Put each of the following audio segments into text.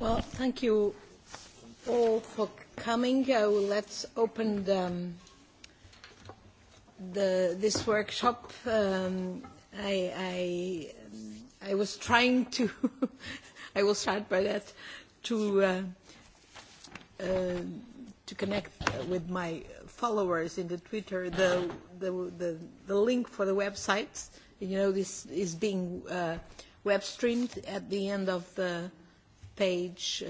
Well, thank you all for coming. Let's open the this workshop. I I I was trying to, I will start by that, to to connect with my followers in the Twitter the the the link for the websites. You know, this is being web streamed at the end of the page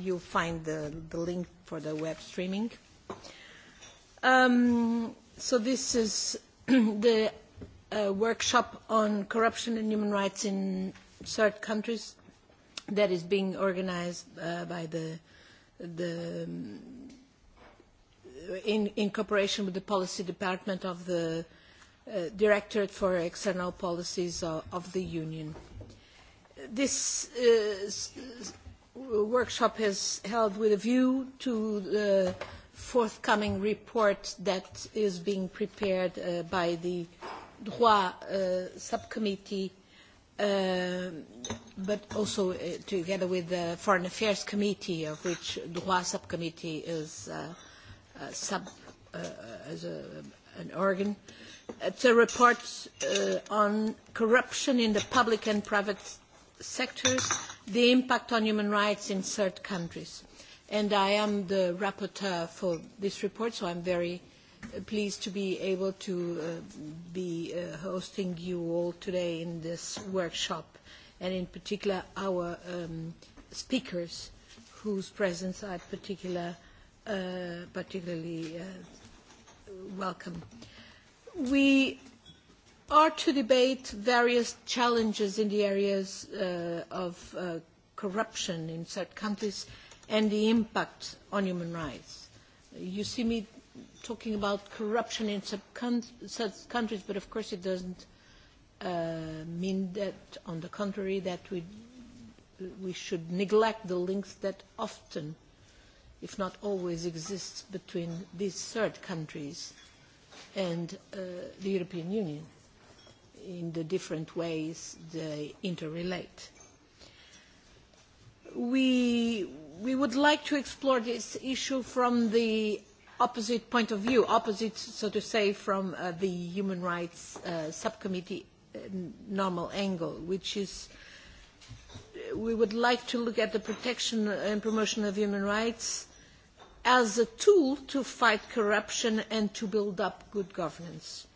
you find the link for the web streaming. So this is the workshop on corruption and human rights in third countries that is being organized by the the in cooperation with the policy department of the Directorate for External Policies of the Union. This workshop is held with a view to the forthcoming report that is being prepared by the Droit Subcommittee, but also together with the Foreign Affairs Committee, of which Droit Subcommittee is an organ. It's a report on corruption in the public and private sectors, the impact on human rights in third countries. And I am the rapporteur for this report, so I'm very pleased to be able to be hosting you all today in this workshop, and in particular our speakers, whose presence I particularly welcome. We are to debate various challenges in the areas of corruption in third countries and the impact on human rights. You see me talking about corruption in such countries, but of course it doesn't mean that, on the contrary, that we we should neglect the links that often, if not always, exist between these third countries and the European Union in the different ways they interrelate. We would like to explore this issue from the opposite point of view, opposite, so to say, from the Human Rights Subcommittee normal angle, which is we would like to look at the protection and promotion of human rights as a tool to fight corruption and to build up good governance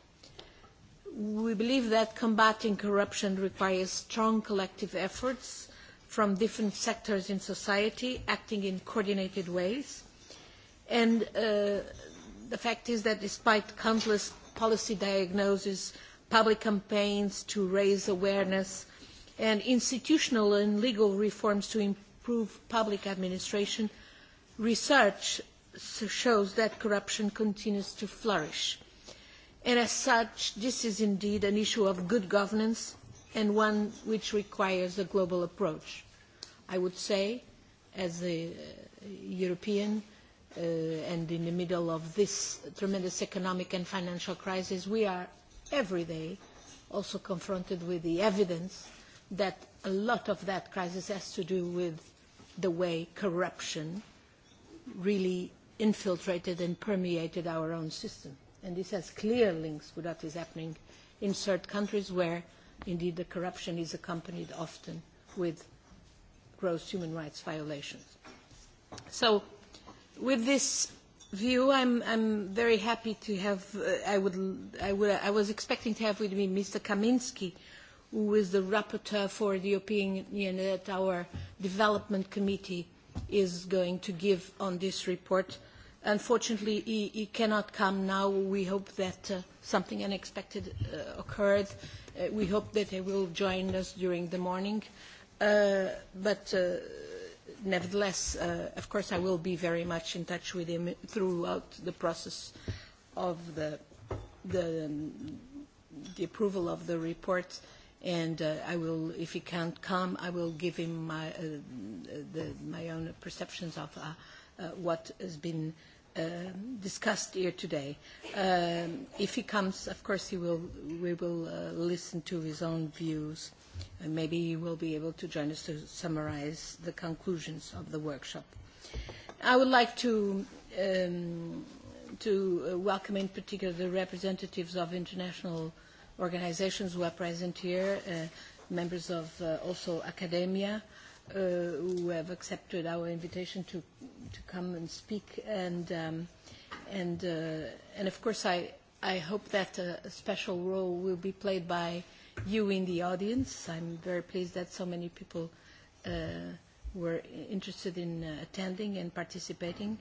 we believe that combating corruption requires strong collective efforts from different sectors in society acting in coordinated ways and the fact is that despite countless policy diagnoses public campaigns to raise awareness and institutional and legal reforms to improve public administration research shows that corruption continues to flourish and as such this is indeed an issue of good governance and one which requires a global approach. I would say as a European and in the middle of this tremendous economic and financial crisis we are every day also confronted with the evidence that a lot of that crisis has to do with the way corruption really infiltrated and permeated our own system and this has clear links with what is happening in certain countries where indeed the corruption is accompanied often with gross human rights violations. So with this view I'm I'm very happy to have I I was expecting to have with me Mr Kaminski who is the rapporteur for the European Union that our development committee is going to give on this report Unfortunately, he cannot come now. We hope that something unexpected occurred. We hope that he will join us during the morning. But nevertheless, of course, I will be very much in touch with him throughout the process of the approval of the report. And I will, if he can't come, I will give him my own perceptions of what has been discussed here today. If he comes, of course, we will listen to his own views. and Maybe he will be able to join us to summarize the conclusions of the workshop. I would like to welcome in particular the representatives of international organizations who are present here, members of also academia who have accepted our invitation to to come and speak and and of course I I hope that a special role will be played by you in the audience. I'm very pleased that so many people were interested in attending and participating.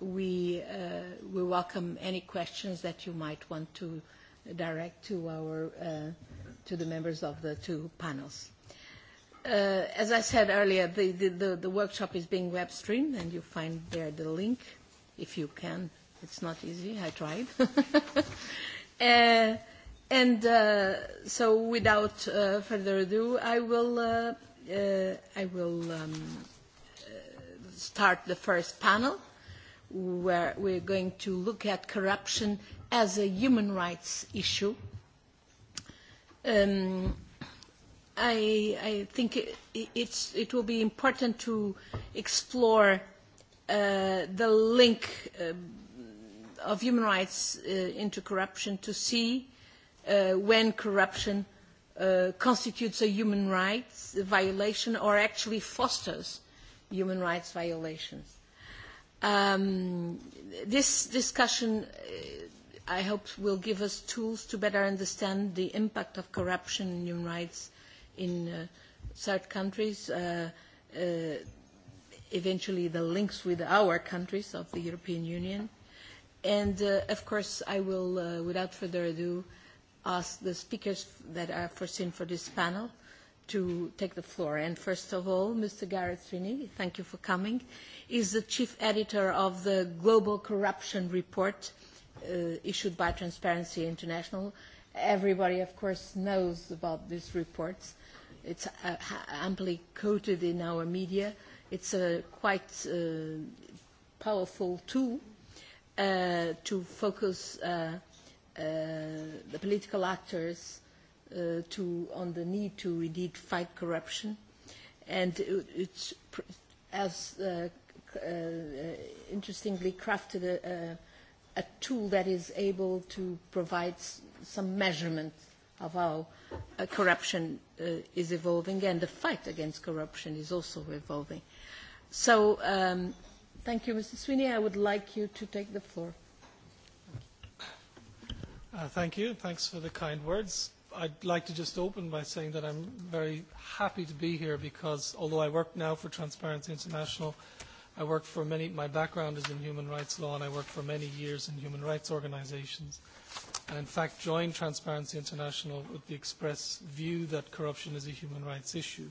We we welcome any questions that you might want to direct to our to the members of the two panels. As I said earlier, the workshop is being web streamed, and you find there the link, if you can. It's not easy. I tried. And so, without further ado, I will I will start the first panel, where we're going to look at corruption as a human rights issue. I think it will be important to explore the link of human rights into corruption to see when corruption constitutes a human rights violation or actually fosters human rights violations. This discussion, I hope, will give us tools to better understand the impact of corruption on human rights in third countries, eventually the links with our countries of the European Union. And, of course, I will, without further ado, ask the speakers that are foreseen for this panel to take the floor. And first of all, Mr. Gareth Sweeney, thank you for coming, is the chief editor of the Global Corruption Report issued by Transparency International. Everybody, of course, knows about these reports. It's amply quoted in our media. It's a quite powerful tool to focus the political actors on the need to indeed fight corruption. And it's, as interestingly crafted, a tool that is able to provide some measurement of how corruption is evolving and the fight against corruption is also evolving. So thank you, Mr. Sweeney. I would like you to take the floor. Thank you. Thanks for the kind words. I'd like to just open by saying that I'm very happy to be here because although I work now for Transparency International, I work for many, my background is in human rights law and I work for many years in human rights organizations. And in fact, joined Transparency International with the express view that corruption is a human rights issue.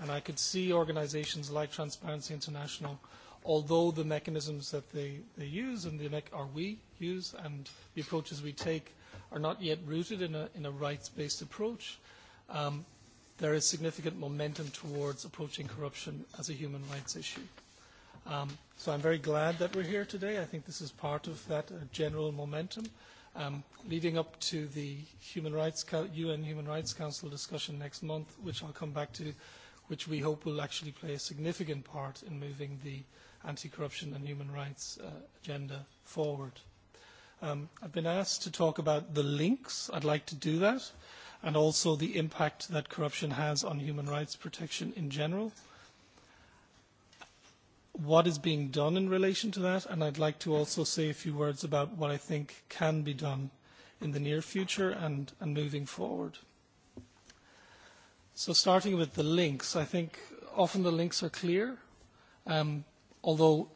And I could see organizations like Transparency International, although the mechanisms that they use and the or we use and the approaches we take are not yet rooted in a rights-based approach, there is significant momentum towards approaching corruption as a human rights issue. So I'm very glad that we're here today. I think this is part of that general momentum leading up to the UN Human Rights Council discussion next month, which I'll come back to, which we hope will actually play a significant part in moving the anti-corruption and human rights agenda forward. I've been asked to talk about the links. I'd like to do that, and also the impact that corruption has on human rights protection in general what is being done in relation to that, and I'd like to also say a few words about what I think can be done in the near future and moving forward. So starting with the links, I think often the links are clear, although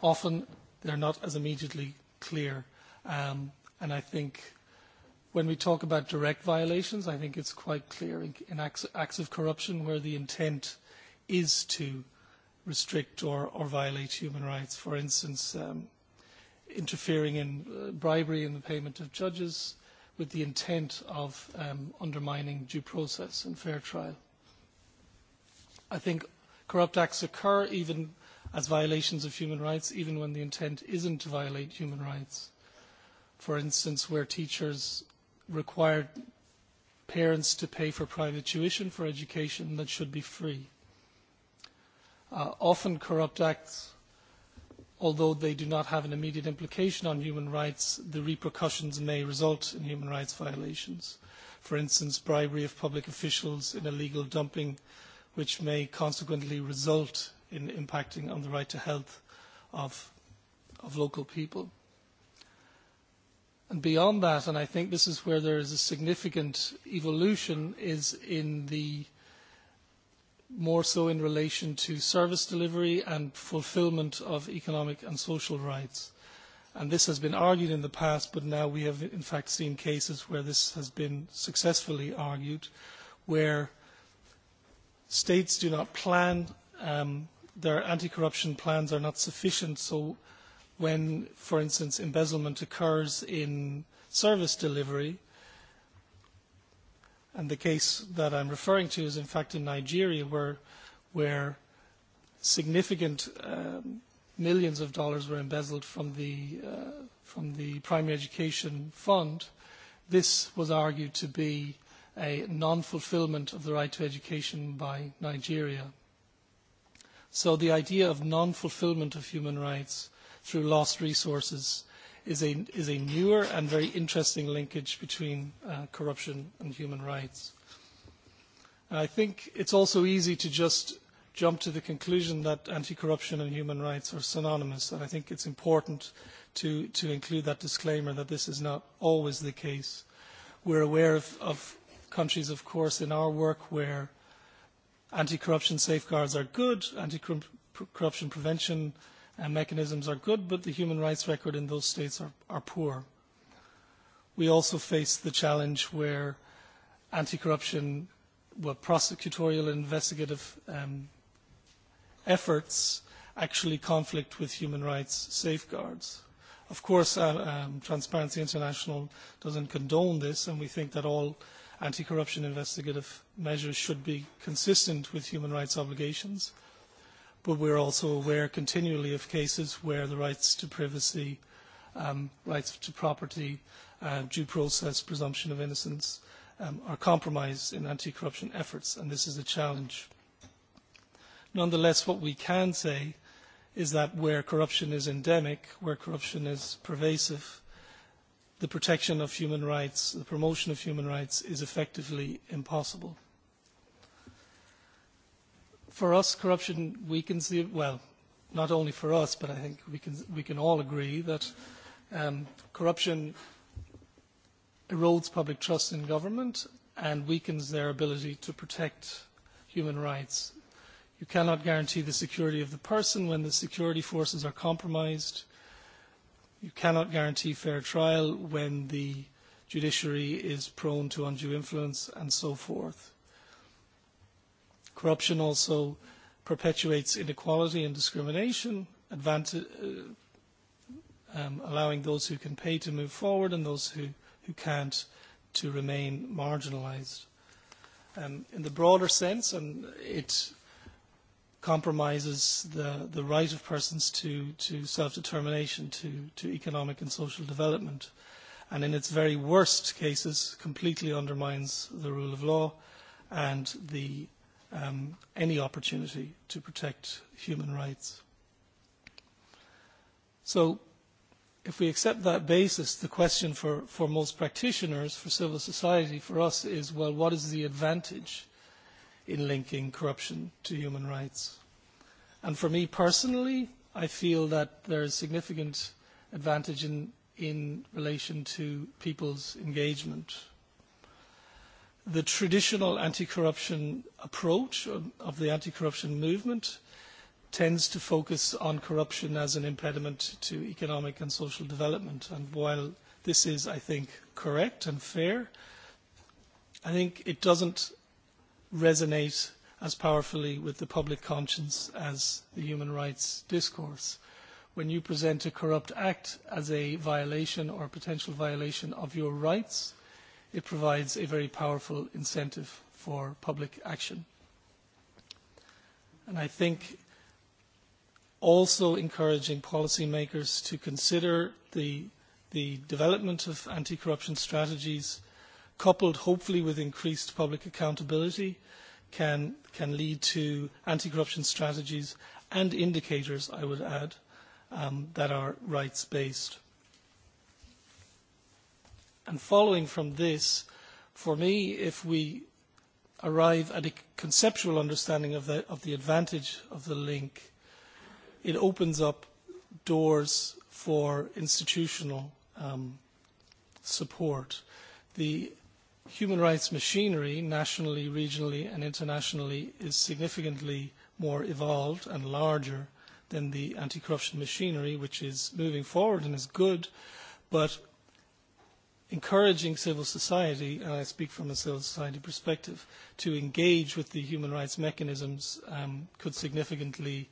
often they're not as immediately clear. And I think when we talk about direct violations, I think it's quite clear in acts of corruption where the intent is to restrict or violate human rights. For instance, interfering in bribery in the payment of judges with the intent of undermining due process and fair trial. I think corrupt acts occur even as violations of human rights, even when the intent isn't to violate human rights. For instance, where teachers require parents to pay for private tuition for education that should be free often corrupt acts although they do not have an immediate implication on human rights the repercussions may result in human rights violations for instance bribery of public officials in illegal dumping which may consequently result in impacting on the right to health of local people. And beyond that, and I think this is where there is a significant evolution, is in the more so in relation to service delivery and fulfilment of economic and social rights. this has been argued in the past, but now we have in fact seen cases where this has been successfully argued, where states do not plan, their anti-corruption plans are not sufficient, so when, for instance, embezzlement occurs in service delivery, And the case that I'm referring to is, in fact, in Nigeria, where significant millions of dollars were embezzled from the primary education fund. This was argued to be a non-fulfillment of the right to education by Nigeria. So the idea of non-fulfillment of human rights through lost resources is a newer and very interesting linkage between corruption and human rights. I think it's also easy to just jump to the conclusion that anti-corruption and human rights are synonymous, and I think it's important to include that disclaimer that this is not always the case. We're aware of countries, of course, in our work where anti-corruption safeguards are good, anti-corruption prevention mechanisms are good, but the human rights record in those states are poor. We also face the challenge where anti-corruption, prosecutorial and investigative efforts actually conflict with human rights safeguards. Of course, Transparency International doesn't condone this, and we think that all anti-corruption investigative measures should be consistent with human rights obligations but we are also aware continually of cases where the rights to privacy, rights to property, due process, presumption of innocence are compromised in anti-corruption efforts, and this is a challenge. Nonetheless, what we can say is that where corruption is endemic, where corruption is pervasive, the protection of human rights, the promotion of human rights is effectively impossible for us, corruption weakens the, well, not only for us, but I think we can all agree that corruption erodes public trust in government and weakens their ability to protect human rights. You cannot guarantee the security of the person when the security forces are compromised. You cannot guarantee fair trial when the judiciary is prone to undue influence and so forth. Corruption also perpetuates inequality and discrimination, allowing those who can pay to move forward and those who can't to remain marginalised. In the broader sense, it compromises the right of persons to self-determination, to economic and social development, and in its very worst cases completely undermines the rule of law and the any opportunity to protect human rights. So if we accept that basis, the question for for most practitioners, for civil society, for us is, well, what is the advantage in linking corruption to human rights? And for me personally, I feel that there is significant advantage in relation to people's engagement the traditional anti-corruption approach of the anti-corruption movement tends to focus on corruption as an impediment to economic and social development. And while this is, I think, correct and fair, I think it doesn't resonate as powerfully with the public conscience as the human rights discourse. When you present a corrupt act as a violation or potential violation of your rights, it provides a very powerful incentive for public action. And I think also encouraging policymakers to consider the development of anti-corruption strategies, coupled hopefully with increased public accountability, can lead to anti-corruption strategies and indicators, I would add, that are rights-based. And following from this, for me, if we arrive at a conceptual understanding of the advantage of the link, it opens up doors for institutional support. The human rights machinery, nationally, regionally and internationally, is significantly more evolved and larger than the anti-corruption machinery, which is moving forward and is good, but encouraging civil society, and I speak from a civil society perspective, to engage with the human rights mechanisms could significantly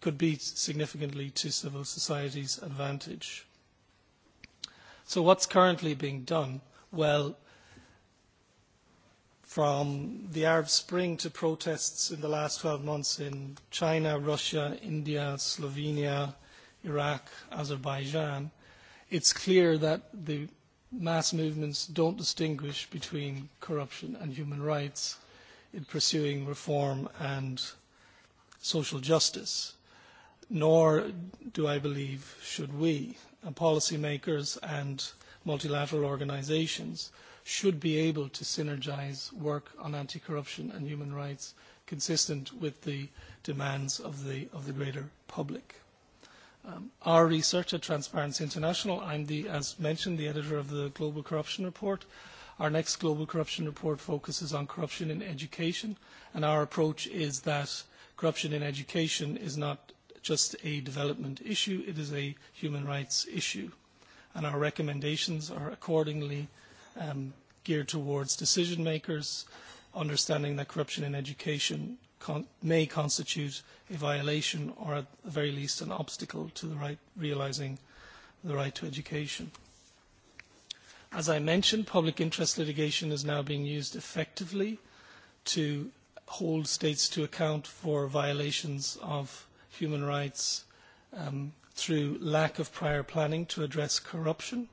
could be significantly to civil society's advantage. So what's currently being done? Well, from the Arab Spring to protests in the last 12 months in China, Russia, India, Slovenia, Iraq, Azerbaijan, it's clear that the mass movements don't distinguish between corruption and human rights in pursuing reform and social justice, nor do I believe should we. Policymakers and multilateral organisations should be able to synergise work on anti-corruption and human rights consistent with the demands of the greater public. Our research at Transparency International, I'm the, as mentioned, the editor of the Global Corruption Report. Our next Global Corruption Report focuses on corruption in education, and our approach is that corruption in education is not just a development issue, it is a human rights issue. And our recommendations are accordingly geared towards decision makers, understanding that corruption in education may constitute a violation or at the very least an obstacle to the the right to education. As I mentioned, public interest litigation is now being used effectively to hold states to account for violations of human rights through lack of prior planning to address corruption,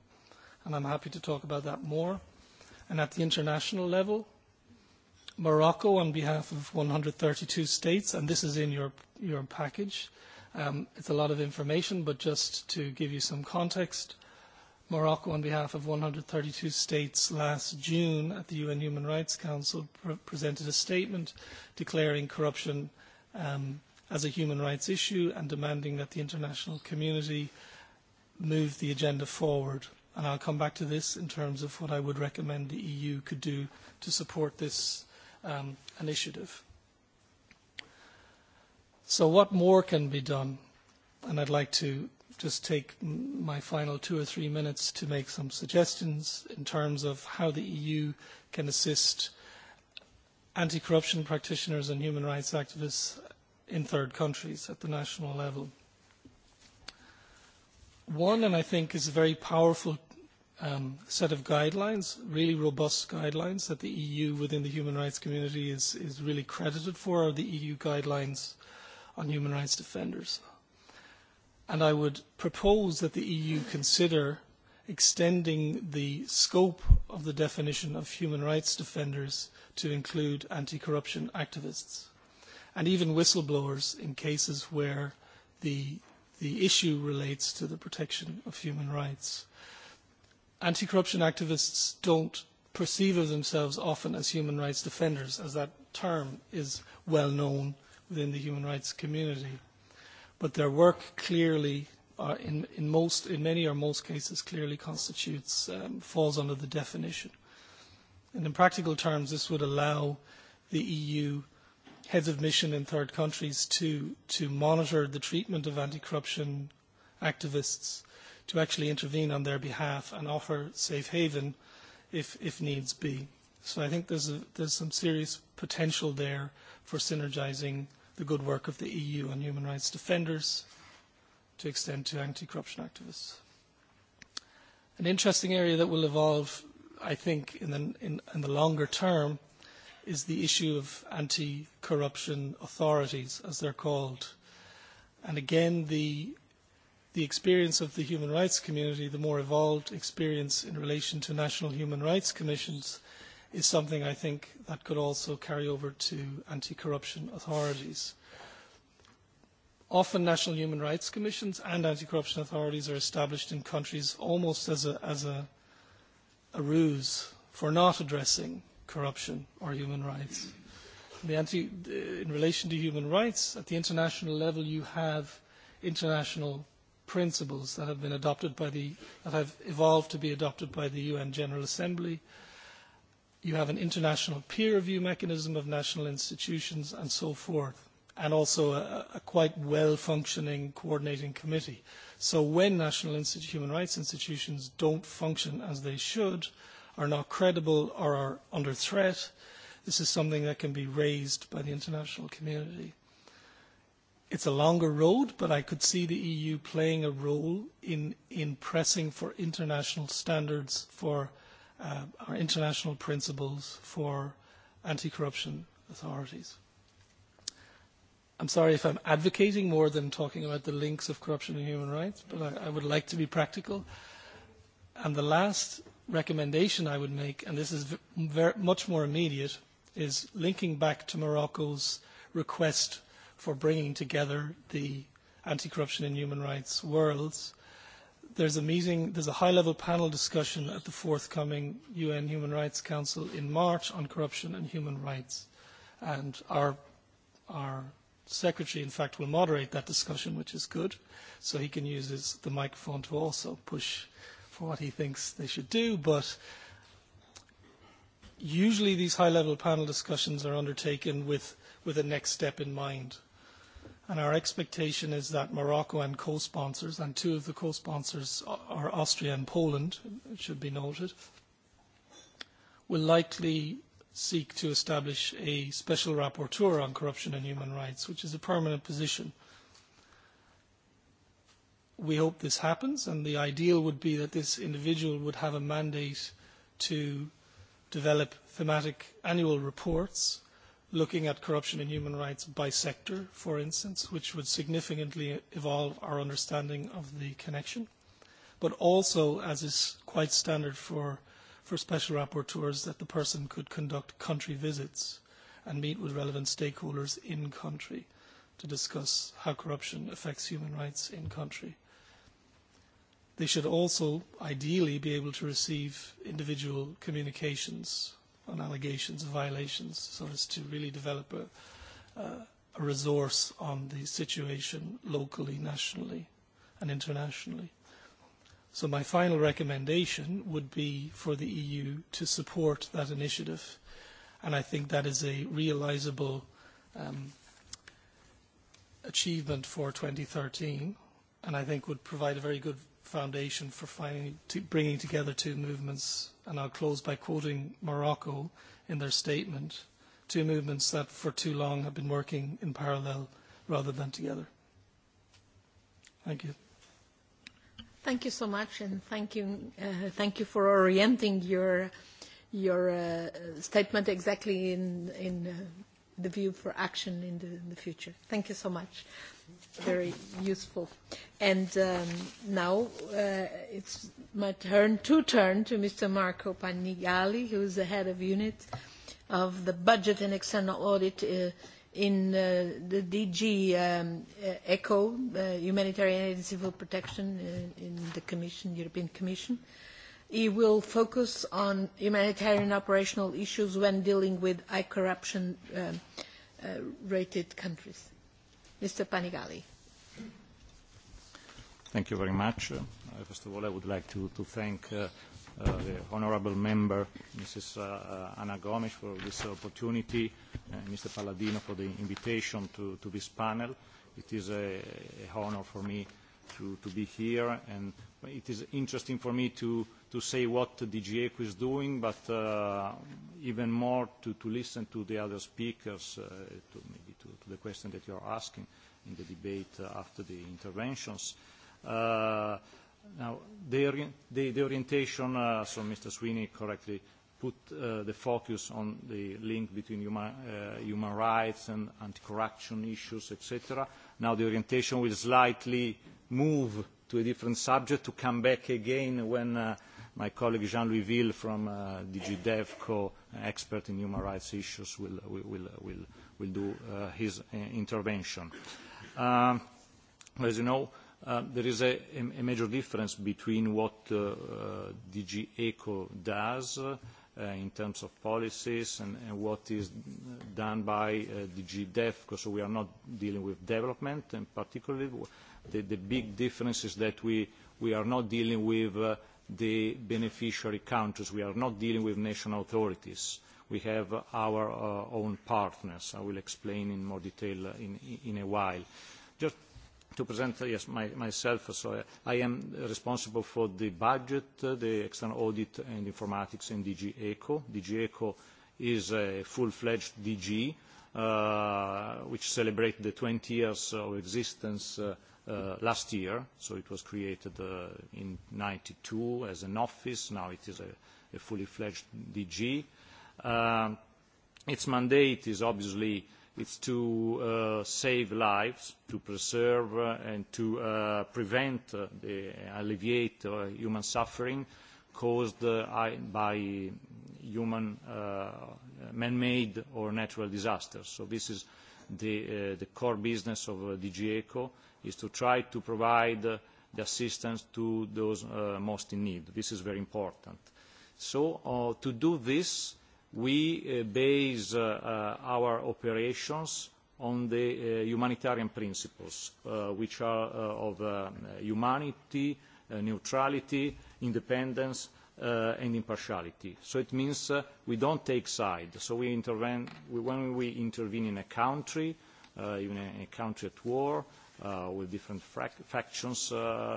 and I'm happy to talk about that more. And at the international level, Morocco on behalf of 132 states, and this is in your package. It's a lot of information, but just to give you some context, Morocco on behalf of 132 states last June at the UN Human Rights Council presented a statement declaring corruption as a human rights issue and demanding that the international community move the agenda forward. And I'll come back to this in terms of what I would recommend the EU could do to support this initiative. So what more can be done? And I'd like to just take my final two or three minutes to make some suggestions in terms of how the EU can assist anti-corruption practitioners and human rights activists in third countries at the national level. One, and I think is a very powerful set of guidelines, really robust guidelines that the EU within the human rights community is is really credited for, are the EU guidelines on human rights defenders. And I would propose that the EU consider extending the scope of the definition of human rights defenders to include anti-corruption activists and even whistleblowers in cases where the issue relates to the protection of human rights. Anti-corruption activists don't perceive of themselves often as human rights defenders, as that term is well known within the human rights community. But their work clearly, in many or most cases, clearly constitutes, falls under the definition. And in practical terms, this would allow the EU heads of mission in third countries to monitor the treatment of anti-corruption activists to actually intervene on their behalf and offer safe haven if needs be. So I think there's some serious potential there for synergizing the good work of the EU on human rights defenders to extend to anti-corruption activists. An interesting area that will evolve, I think, in the longer term is the issue of anti-corruption authorities, as they're called. And again, the the experience of the human rights community, the more evolved experience in relation to national human rights commissions, is something I think that could also carry over to anti-corruption authorities. Often national human rights commissions and anti-corruption authorities are established in countries almost as a ruse for not addressing corruption or human rights. In relation to human rights, at the international level you have international principles that have been adopted by the that have evolved to be adopted by the UN General Assembly. You have an international peer review mechanism of national institutions and so forth, and also a quite well functioning coordinating committee. So when national human rights institutions don't function as they should, are not credible or are under threat, this is something that can be raised by the international community. It's a longer road, but I could see the EU playing a role in pressing for international standards, for our international principles, for anti-corruption authorities. I'm sorry if I'm advocating more than talking about the links of corruption and human rights, but I would like to be practical. And the last recommendation I would make, and this is much more immediate, is linking back to Morocco's request for bringing together the anti-corruption and human rights worlds. There's a meeting, there's a high-level panel discussion at the forthcoming UN Human Rights Council in March on corruption and human rights. And our secretary, in fact, will moderate that discussion, which is good. So he can use the microphone to also push for what he thinks they should do. But usually these high-level panel discussions are undertaken with with a next step in mind. And our expectation is that Morocco and co-sponsors, and two of the co-sponsors are Austria and Poland, it should be noted, will likely seek to establish a special rapporteur on corruption and human rights, which is a permanent position. We hope this happens, and the ideal would be that this individual would have a mandate to develop thematic annual reports looking at corruption and human rights by sector, for instance, which would significantly evolve our understanding of the connection, but also, as is quite standard for special rapporteurs, that the person could conduct country visits and meet with relevant stakeholders in country to discuss how corruption affects human rights in country. They should also, ideally, be able to receive individual communications on allegations of violations so as to really develop a resource on the situation locally, nationally and internationally. So my final recommendation would be for the EU to support that initiative and I think that is a realisable achievement for 2013 and I think would provide a very good foundation for bringing together two movements and I'll close by quoting Morocco in their statement, two movements that for too long have been working in parallel rather than together. Thank you. Thank you so much, and thank you, thank you for orienting your your statement exactly in in the view for action in the, future. Thank you so much. Very useful. And um, now it's my turn to turn to Mr. Marco Panigali, who is the head of unit of the budget and external audit in the DG ECHO, Humanitarian and Civil Protection in the Commission, European Commission. He will focus on humanitarian operational issues when dealing with high corruption rated countries. Mr. Panigali. Thank you very much. First of all, I would like to thank the honourable member, Mrs. Anna Gomes, for this opportunity, and Mr. Palladino for the invitation to this panel. It is an honour for me to be here. And it is interesting for me to say what DG ECO is doing, but even more to listen to the other speakers, to maybe to the question that you are asking in the debate after the interventions. Now, the orientation, so Mr. Sweeney correctly put the focus on the link between human rights and anti-corruption issues, etc. Now the orientation will slightly move to a different subject to come back again when my colleague Jean-Louis Ville from DG DEVCO, expert in human rights issues, will do his intervention. As you know, there is a major difference between what DG ECO does in terms of policies and what is done by DG DEFCO. because we are not dealing with development, and particularly the big difference is that we are not dealing with the beneficiary countries. We are not dealing with national authorities. We have our own partners. I will explain in more detail in a while. Just to present myself, so I am responsible for the budget, the external audit and informatics in DG ECO. DG ECO is a full-fledged DG which celebrated the 20 years of existence last year. So it was created in 92 as an office. Now it is a fully-fledged DG. Its mandate is obviously It's to save lives, to preserve and to prevent, alleviate human suffering caused by human man-made or natural disasters. So this is the core business of DG ECO, is to try to provide the assistance to those most in need. This is very important. So to do this We base our operations on the humanitarian principles, which are of humanity, neutrality, independence and impartiality. So it means we don't take sides. So when we intervene in a country, in a country at war, with different factions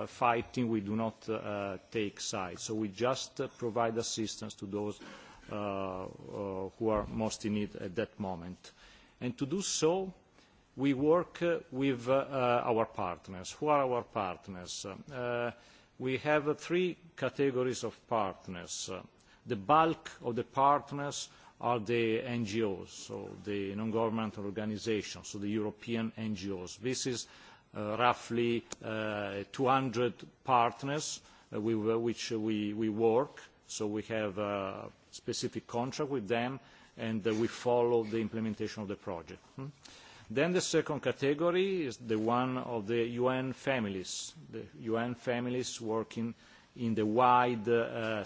fighting, we do not take sides. So we just provide assistance to those who are most in need at that moment. And to do so, we work with our partners. Who are our partners? We have three categories of partners. The bulk of the partners are the NGOs, so the non-governmental organizations, so the European NGOs. This is roughly 200 partners with which we work. So we have specific contract with them and we follow the implementation of the project. Then the second category is the one of the UN families, the UN families working in the wide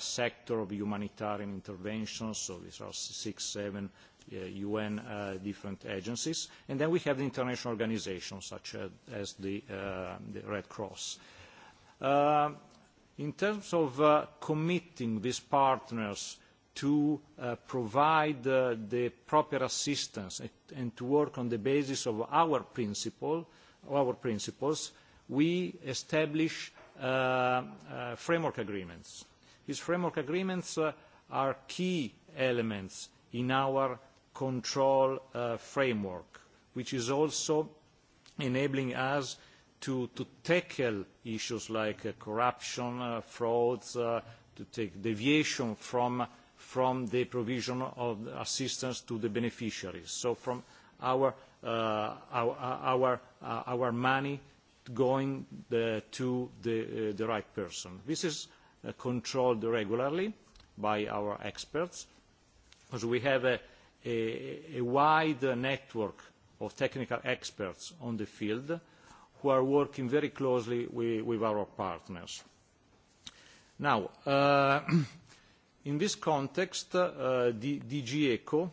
sector of humanitarian interventions, so these are six, seven UN different agencies. And then we have the international organizations such as the Red Cross. In terms of committing these partners to provide the proper assistance and to work on the basis of our principles, we establish framework agreements. These framework agreements are key elements in our control framework, which is also enabling us to tackle issues like corruption, frauds, to take deviation from from the provision of assistance to the beneficiaries. So from our money going to the right person. This is controlled regularly by our experts because we have a wide network of technical experts on the field who are working very closely with our partners. Now, In this context, DG ECO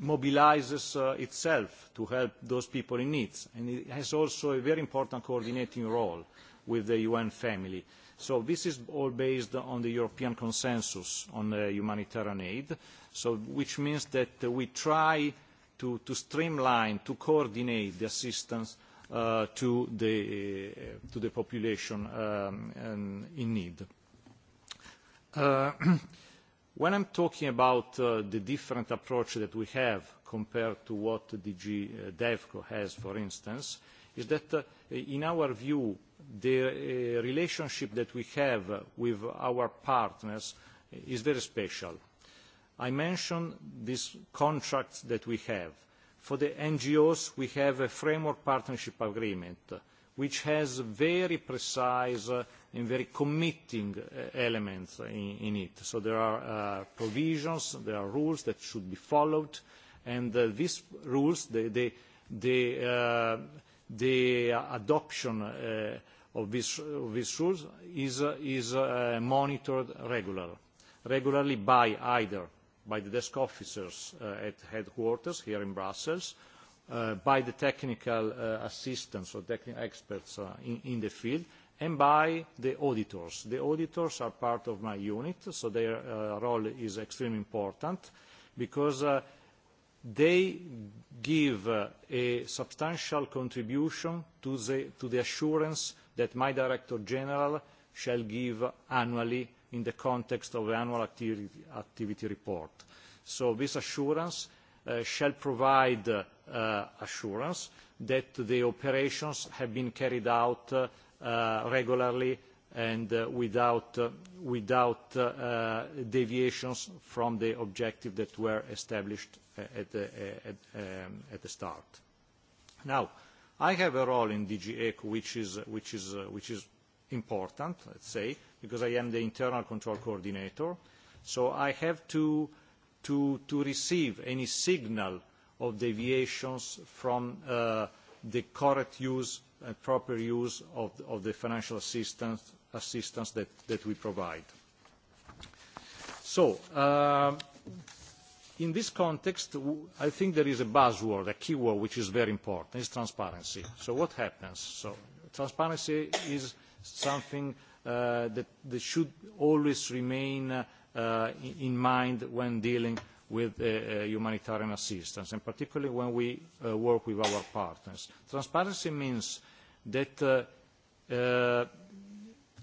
mobilizes itself to help those people in need, and it has also a very important coordinating role with the UN family. So this is all based on the European consensus on humanitarian aid, which means that we try to streamline, to coordinate the assistance to the population in need. When I'm talking about the different approach that we have compared to what DG DEVCO has, for instance, is that in our view the relationship that we have with our partners is very special. I mentioned these contracts that we have. For the NGOs we have a framework partnership agreement which has very precise and very committing elements in it. So there are provisions, there are rules that should be followed, and these rules, the adoption of these rules is monitored regularly by either by the desk officers at headquarters here in Brussels, by the technical assistants or technical experts in the field, and by the auditors. The auditors are part of my unit, so their role is extremely important because they give a substantial contribution to the assurance that my Director General shall give annually in the context of the annual activity report. So this assurance shall provide assurance that the operations have been carried out regularly and without deviations from the objective that were established at the start. Now, I have a role in DG ECO which is important, let's say, because I am the internal control coordinator. So I have to receive any signal of deviations from the correct use proper use of the financial assistance that we provide. So, in this context, I think there is a buzzword, a keyword, which is very important, is transparency. So what happens? So transparency is something that should always remain in mind when dealing with humanitarian assistance, and particularly when we work with our partners. Transparency means that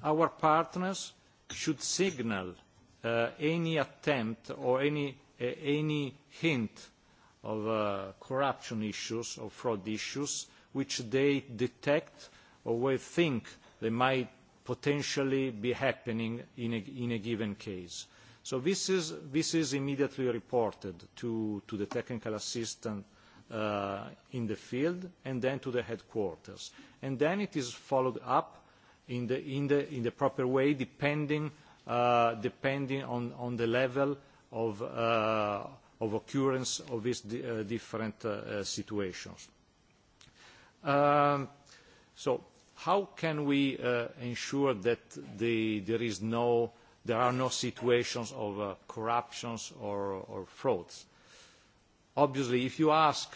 our partners should signal any attempt or any hint of corruption issues or fraud issues which they detect or they think they might potentially be happening in a given case. So this is immediately reported to the technical assistant in the field and then to the headquarters. And then it is followed up in the proper way depending on the level of occurrence of these different situations. So how can we ensure that there are no situations of corruptions or frauds? Obviously, if you ask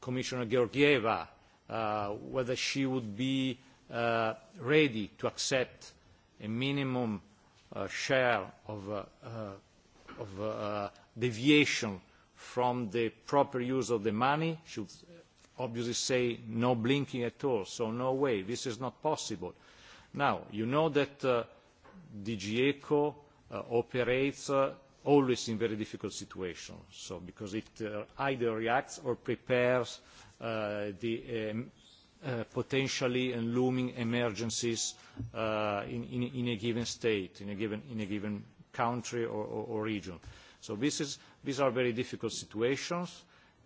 Commissioner Georgieva whether she would be ready to accept a minimum share of deviation from the proper use of the money, she would obviously say no blinking at all, so no way, this is not possible. Now, you know that DG ECO operates always in very difficult situations, because it either reacts or prepares the potentially looming emergencies in a given state, in a given country or region. So these are very difficult situations.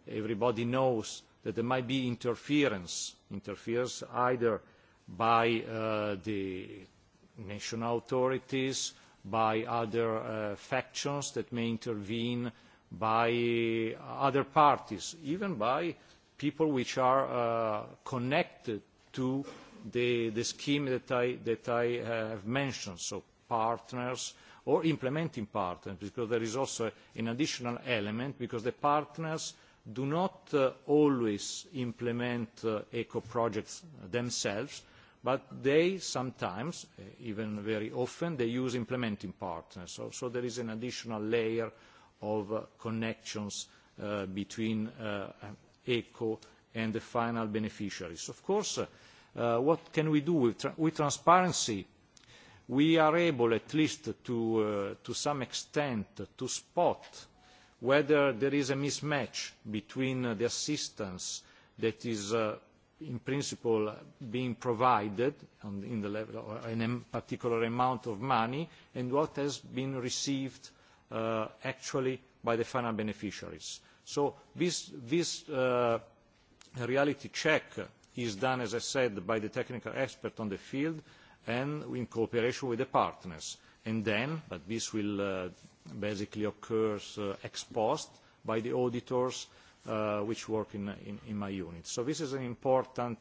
Everybody knows that there might be interference, interference either by the national authorities by other factions that may intervene, by other parties, even by people which are connected to the scheme that I have mentioned, so partners or implementing partners, because there is also an additional element, because the partners do not always implement eco-projects themselves but they sometimes, even very often, they use implementing partners. So there is an additional layer of connections between ECHO and the final beneficiaries. Of course, what can we do with transparency? We are able, at least to some extent, to spot whether there is a mismatch between the assistance that is in principle being provided in the level a particular amount of money and what has been received actually by the final beneficiaries. So this reality check is done, as I said, by the technical expert on the field and in cooperation with the partners. And then, but this will basically occur ex by the auditors which work in my unit. So this is an important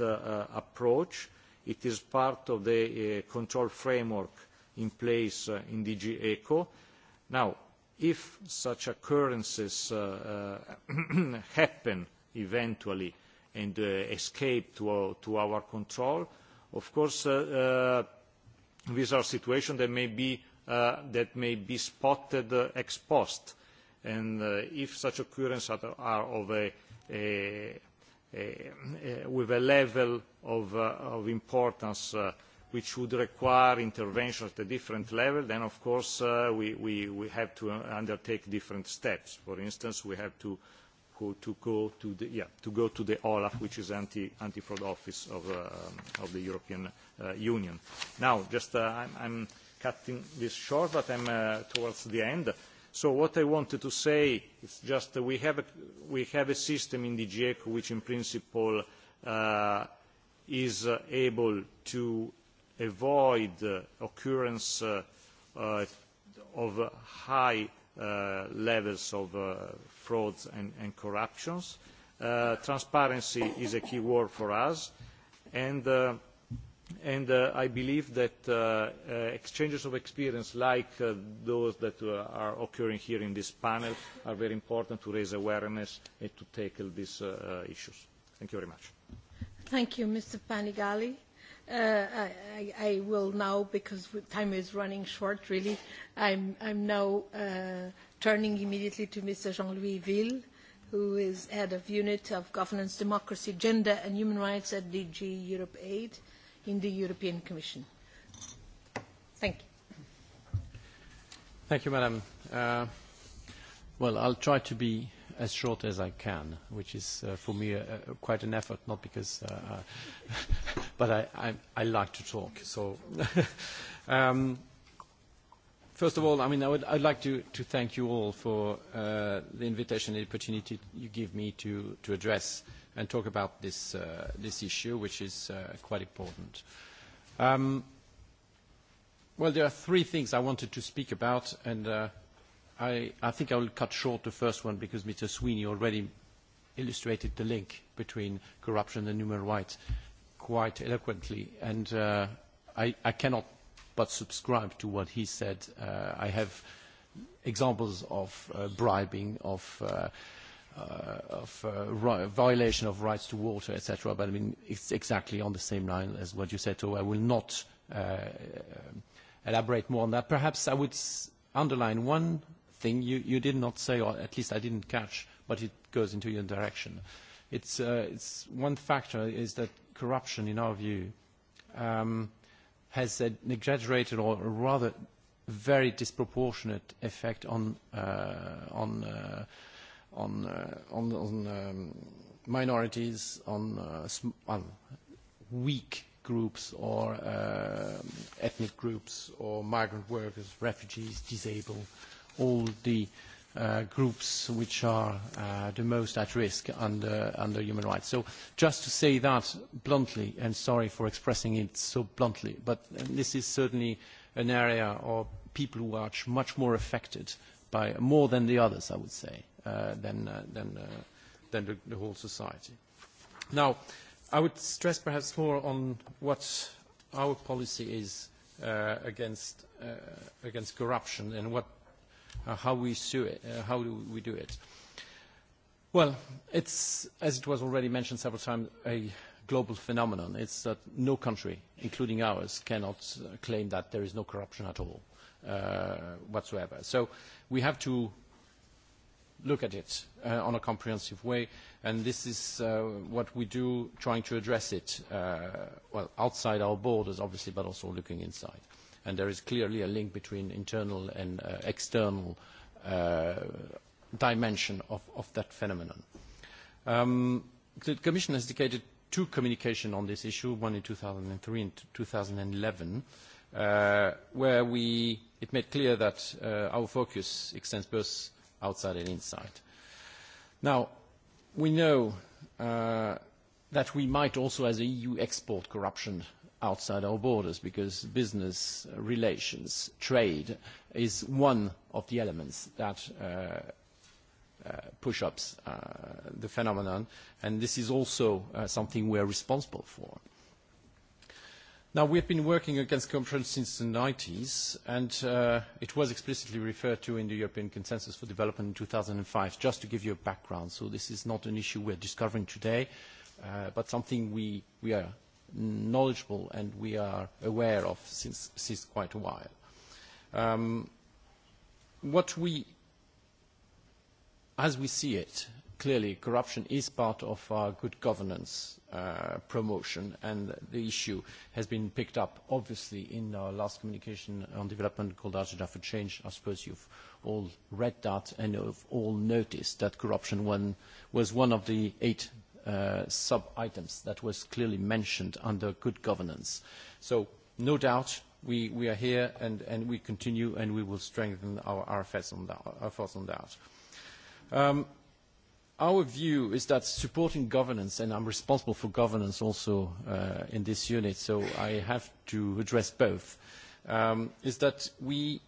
approach. It is part of the control framework in place in DG ECO. Now, if such occurrences happen eventually and escape to our control, of course, these are situations that may be spotted exposed and if such occurrences are of a with a level of importance which would require intervention at a different level, then of course we have to undertake different steps. For instance, we have to go to the OLAF, which is the anti-fraud office of the European Union. Now, just I'm cutting this short, but I'm towards the end. So what I wanted to say is just that we have a system in DG ECO which in principle is able to avoid occurrence of high levels of frauds and corruptions. Transparency is a key word for us and and I believe that exchanges of experience like those that are occurring here in this panel are very important to raise awareness and to tackle these issues. Thank you very much. Thank you, Mr. Panigali. I will now, because time is running short, really, I'm now turning immediately to Mr. Jean-Louis Ville, who is Head of Unit of Governance, Democracy, Gender and Human Rights at DG Europe Aid in the European Commission. Thank you. Thank you, Madam. Well, I'll try to be as short as I can, which is for me quite an effort, not because, but I like to talk. So, first of all, I mean, I would I'd like to thank you all for the invitation and the opportunity you give me to address and talk about this issue, which is quite important. Well, there are three things I wanted to speak about, and I think I will cut short the first one because Mr. Sweeney already illustrated the link between corruption and human rights quite eloquently, and I cannot but subscribe to what he said. I have examples of bribing, of of violation of rights to water, etc. But I mean, it's exactly on the same line as what you said. So I will not elaborate more on that. Perhaps I would underline one thing you did not say, or at least I didn't catch, but it goes into your direction. It's one factor is that corruption, in our view, has an exaggerated or rather very disproportionate effect on on on minorities, on weak groups or ethnic groups or migrant workers, refugees, disabled, all the groups which are the most at risk under human rights. So just to say that bluntly, and sorry for expressing it so bluntly, but this is certainly an area of people who are much more affected by more than the others, I would say than the whole society. Now, I would stress perhaps more on what our policy is against corruption and what how we do it. Well, it's, as it was already mentioned several times, a global phenomenon. It's that no country, including ours, cannot claim that there is no corruption at all whatsoever. So we have to look at it on a comprehensive way, and this is what we do, trying to address it, well, outside our borders, obviously, but also looking inside. And there is clearly a link between internal and external dimension of that phenomenon. The Commission has dedicated two communications on this issue, one in 2003 and 2011, where we it made clear that our focus extends both outside and inside. Now, we know that we might also, as a EU, export corruption outside our borders because business relations, trade, is one of the elements that push up the phenomenon, and this is also something we are responsible for. Now, we have been working against corruption since the 90s, and it was explicitly referred to in the European Consensus for Development in 2005, just to give you a background. So this is not an issue we are discovering today, but something we are knowledgeable and we are aware of since quite a while. What we, as we see it, clearly corruption is part of our good governance promotion, and the issue has been picked up, obviously, in our last communication on development called Agenda for Change. I suppose you've all read that and have all noticed that corruption was one of the eight sub-items that was clearly mentioned under good governance. So, no doubt, we are here and we continue and we will strengthen our efforts on that. Our view is that supporting governance, and I'm responsible for governance also in this unit, so I have to address both, is that we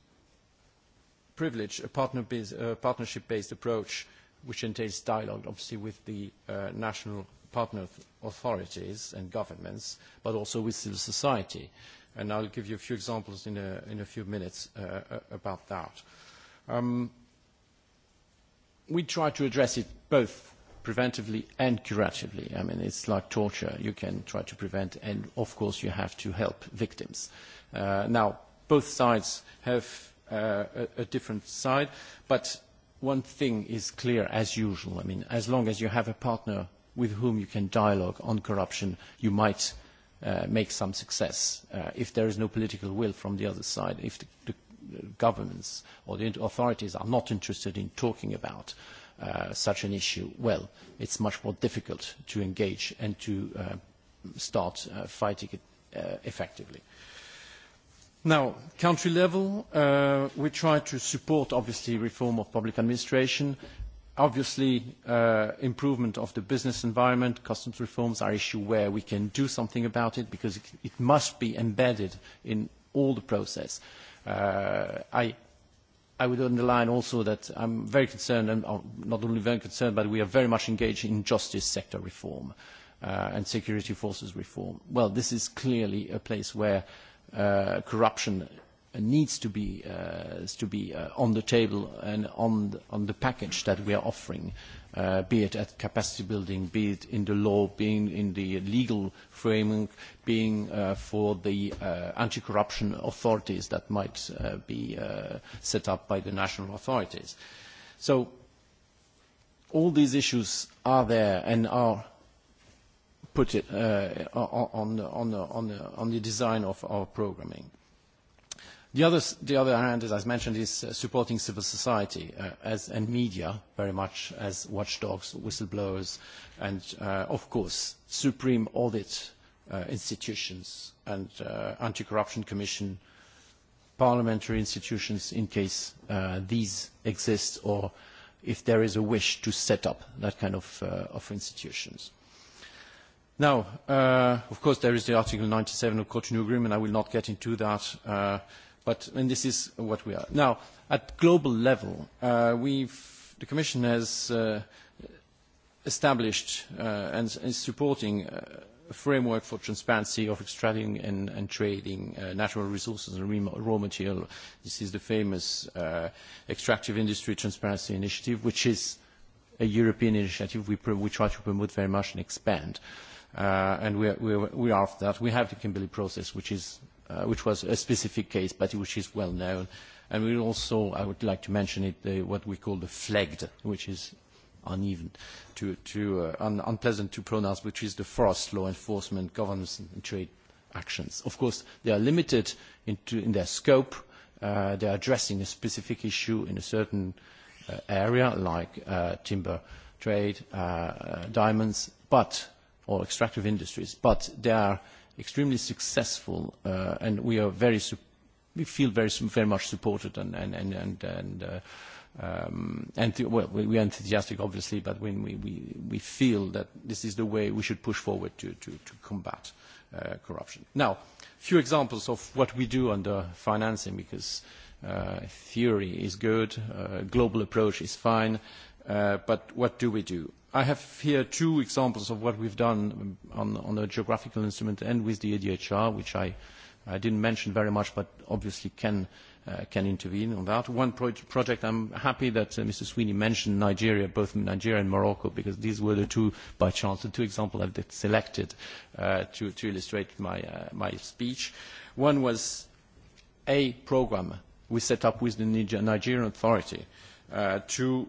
privilege a partnership-based approach which entails dialogue, obviously, with the national partner authorities and governments, but also with civil society. And I'll give you a few examples in a few minutes about that we try to address it both preventively and curatively. I mean, it's like torture. You can try to prevent, and of course you have to help victims. Now, both sides have a different side, but one thing is clear as usual. I mean, as long as you have a partner with whom you can dialogue on corruption, you might make some success. If there is no political will from the other side, if the governments or the authorities are not interested in talking about such an issue, well, it's much more difficult to engage and to start fighting it effectively. Now, country level, we try to support, obviously, reform of public administration. Obviously, improvement of the business environment, customs reforms are issues where we can do something about it because it must be embedded in all the process. I I would underline also that I'm very concerned, and not only very concerned, but we are very much engaged in justice sector reform and security forces reform. Well, this is clearly a place where corruption needs to be on the table and on the package that we are offering, be it at capacity building, be it in the law, being in the legal framework, being for the anti-corruption authorities that might be set up by the national authorities. So all these issues are there and are put on the design of our programming. The other hand, as I mentioned, is supporting civil society and media very much as watchdogs, whistleblowers, and, of course, supreme audit institutions and anti-corruption commission, parliamentary institutions in case these exist or if there is a wish to set up that kind of institutions. Now, of course, there is the Article 97 of Cotonou Agreement. I will not get into that But this is what we are. Now, at global level, the Commission has established and is supporting a framework for transparency of extracting and trading natural resources and raw material. This is the famous Extractive Industry Transparency Initiative, which is a European initiative we try to promote very much and expand. And we are after that. We have the Kimberley process, which is which was a specific case, but which is well known. And we also, I would like to mention it, what we call the flagged, which is uneven, unpleasant to pronounce, which is the forest law enforcement, governance and trade actions. Of course, they are limited in their scope. They are addressing a specific issue in a certain area, like timber trade, diamonds, but or extractive industries, but they are extremely successful and we are very we feel very very much supported and and and and and well we are enthusiastic obviously but when we we we feel that this is the way we should push forward to to to combat corruption now a few examples of what we do under financing because theory is good global approach is fine but what do we do I have here two examples of what we've done on the geographical instrument and with the ADHR, which I didn't mention very much, but obviously can can intervene on that. One project, I'm happy that Mr. Sweeney mentioned Nigeria, both Nigeria and Morocco, because these were the two, by chance, the two examples I've selected to to illustrate my speech. One was a program we set up with the Nigerian authority to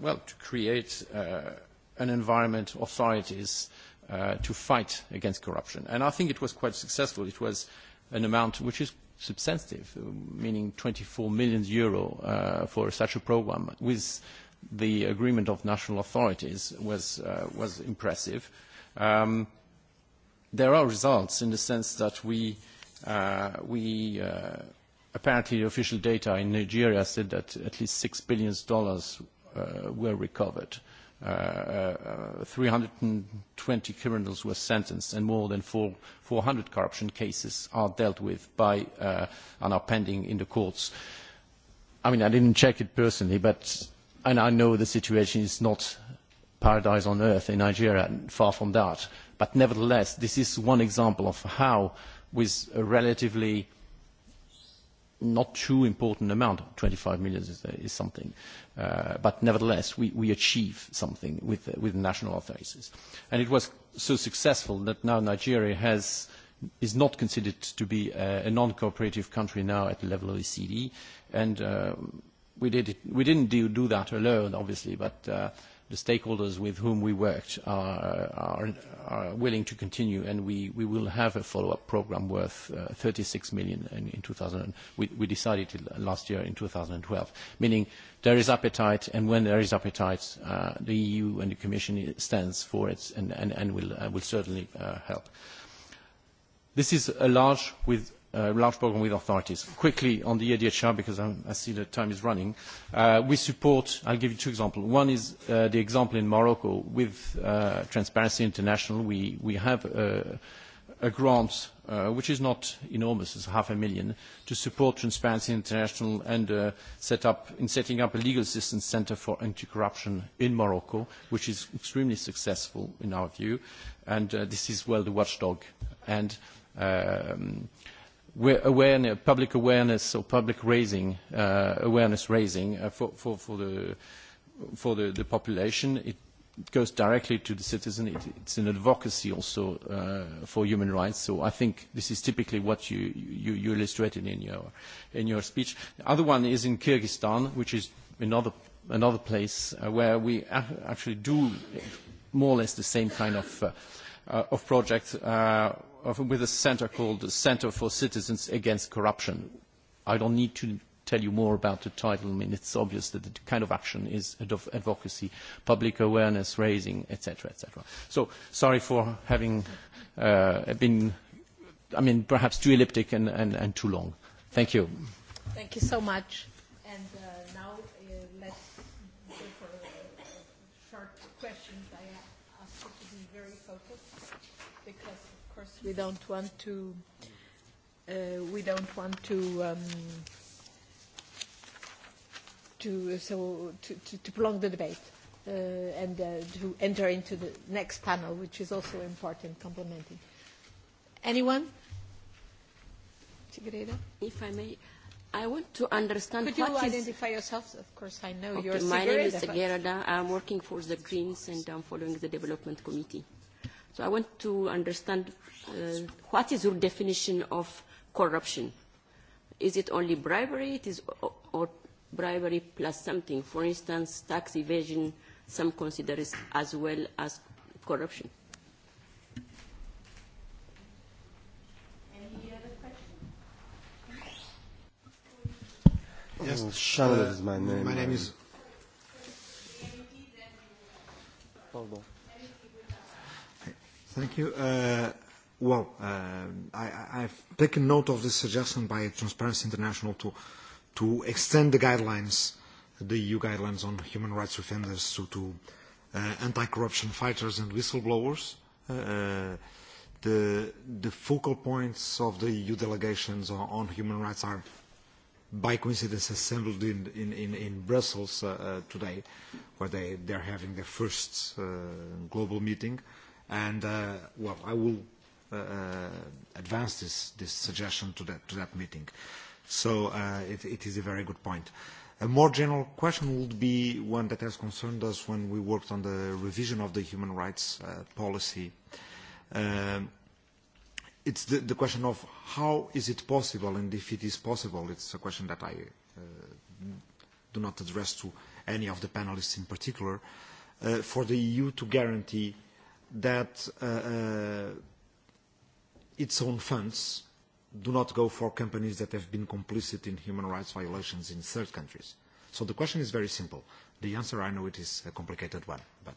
well to create an environment authorities to fight against corruption. And I think it was quite successful. It was an amount which is substantive, meaning 24 million euro for such a program with the agreement of national authorities was was impressive. There are results in the sense that we we apparently official data in Nigeria said that at least six billion dollars were recovered. 320 criminals were sentenced and more than 400 corruption cases are dealt with by and are pending in the courts. I mean, I didn't check it personally, but and I know the situation is not paradise on earth in Nigeria, far from that. But nevertheless, this is one example of how, with a relatively not too important amount, 25 million is something, but nevertheless we achieve something with national authorities. And it was so successful that now Nigeria has is not considered to be a non-cooperative country now at the level of OECD. and we didn't do that alone, obviously, but the stakeholders with whom we worked are willing to continue, and we will have a follow-up program worth 36 million in 2000. We decided last year in 2012, meaning there is appetite, and when there is appetite, the EU and the Commission stands for it and will certainly help. This is a large with large program with authorities. Quickly on the EDHR because I see the time is running, we support, I'll give you two examples. One is the example in Morocco with Transparency International. We have a grant, which is not enormous, it's half a million, to support Transparency International and set up in setting up a legal assistance center for anti-corruption in Morocco, which is extremely successful in our view, and this is well the watchdog and public awareness or public raising awareness raising for the population. It goes directly to the citizen. It's an advocacy also for human rights. So I think this is typically what you illustrated in your speech. The other one is in Kyrgyzstan, which is another another place where we actually do more or less the same kind of project with a center called the Center for Citizens Against Corruption. I don't need to tell you more about the title. I mean, it's obvious that the kind of action is advocacy, public awareness raising, etc., etc. So, sorry for having been, I mean, perhaps too elliptic and too long. Thank you. Thank you so much. We don't want to we don't want to to so to prolong the debate and to enter into the next panel, which is also important, complementing. Anyone? If I may, I want to understand what is... Could you identify yourself? Of course, I know you're My name is Sigreda. I'm working for the Greens and I'm following the Development Committee. So I want to understand what is your definition of corruption? Is it only bribery? It is or bribery plus something. For instance, tax evasion, some consider it as well as corruption. Any other questions? my name. My name is. Thank you. Well, I've taken note of this suggestion by Transparency International to extend the guidelines, the EU guidelines on human rights offenders to anti-corruption fighters and whistleblowers. The focal points of the EU delegations on human rights are, by coincidence, assembled in Brussels today, where they they're having their first global meeting And well, I will advance this suggestion to that to that meeting. So it is a very good point. A more general question would be one that has concerned us when we worked on the revision of the human rights policy. It's the question of how is it possible, and if it is possible, it's a question that I do not address to any of the panelists in particular, for the EU to guarantee that its own funds do not go for companies that have been complicit in human rights violations in third countries. So the question is very simple. The answer, I know it is a complicated one, but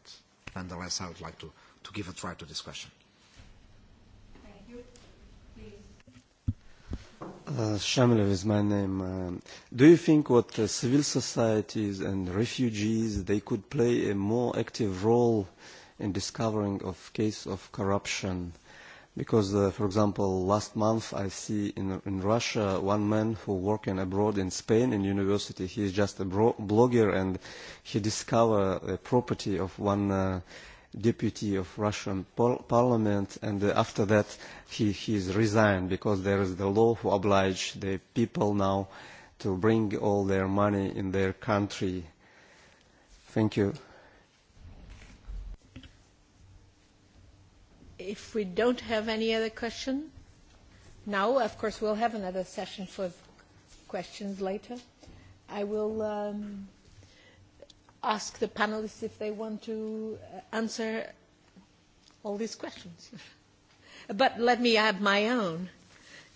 nonetheless I would like to give a try to this question. Shamilov is my name. Do you think what civil societies and refugees, they could play a more active role in discovering of case of corruption. Because, for example, last month I see in Russia one man who working abroad in Spain in university. He is just a blogger and he discover the property of one deputy of Russian parliament and after that he he is resigned because there is the law who oblige the people now to bring all their money in their country. Thank you. If we don't have any other question now, of course, we'll have another session for questions later. I will ask the panelists if they want to answer all these questions. But let me add my own.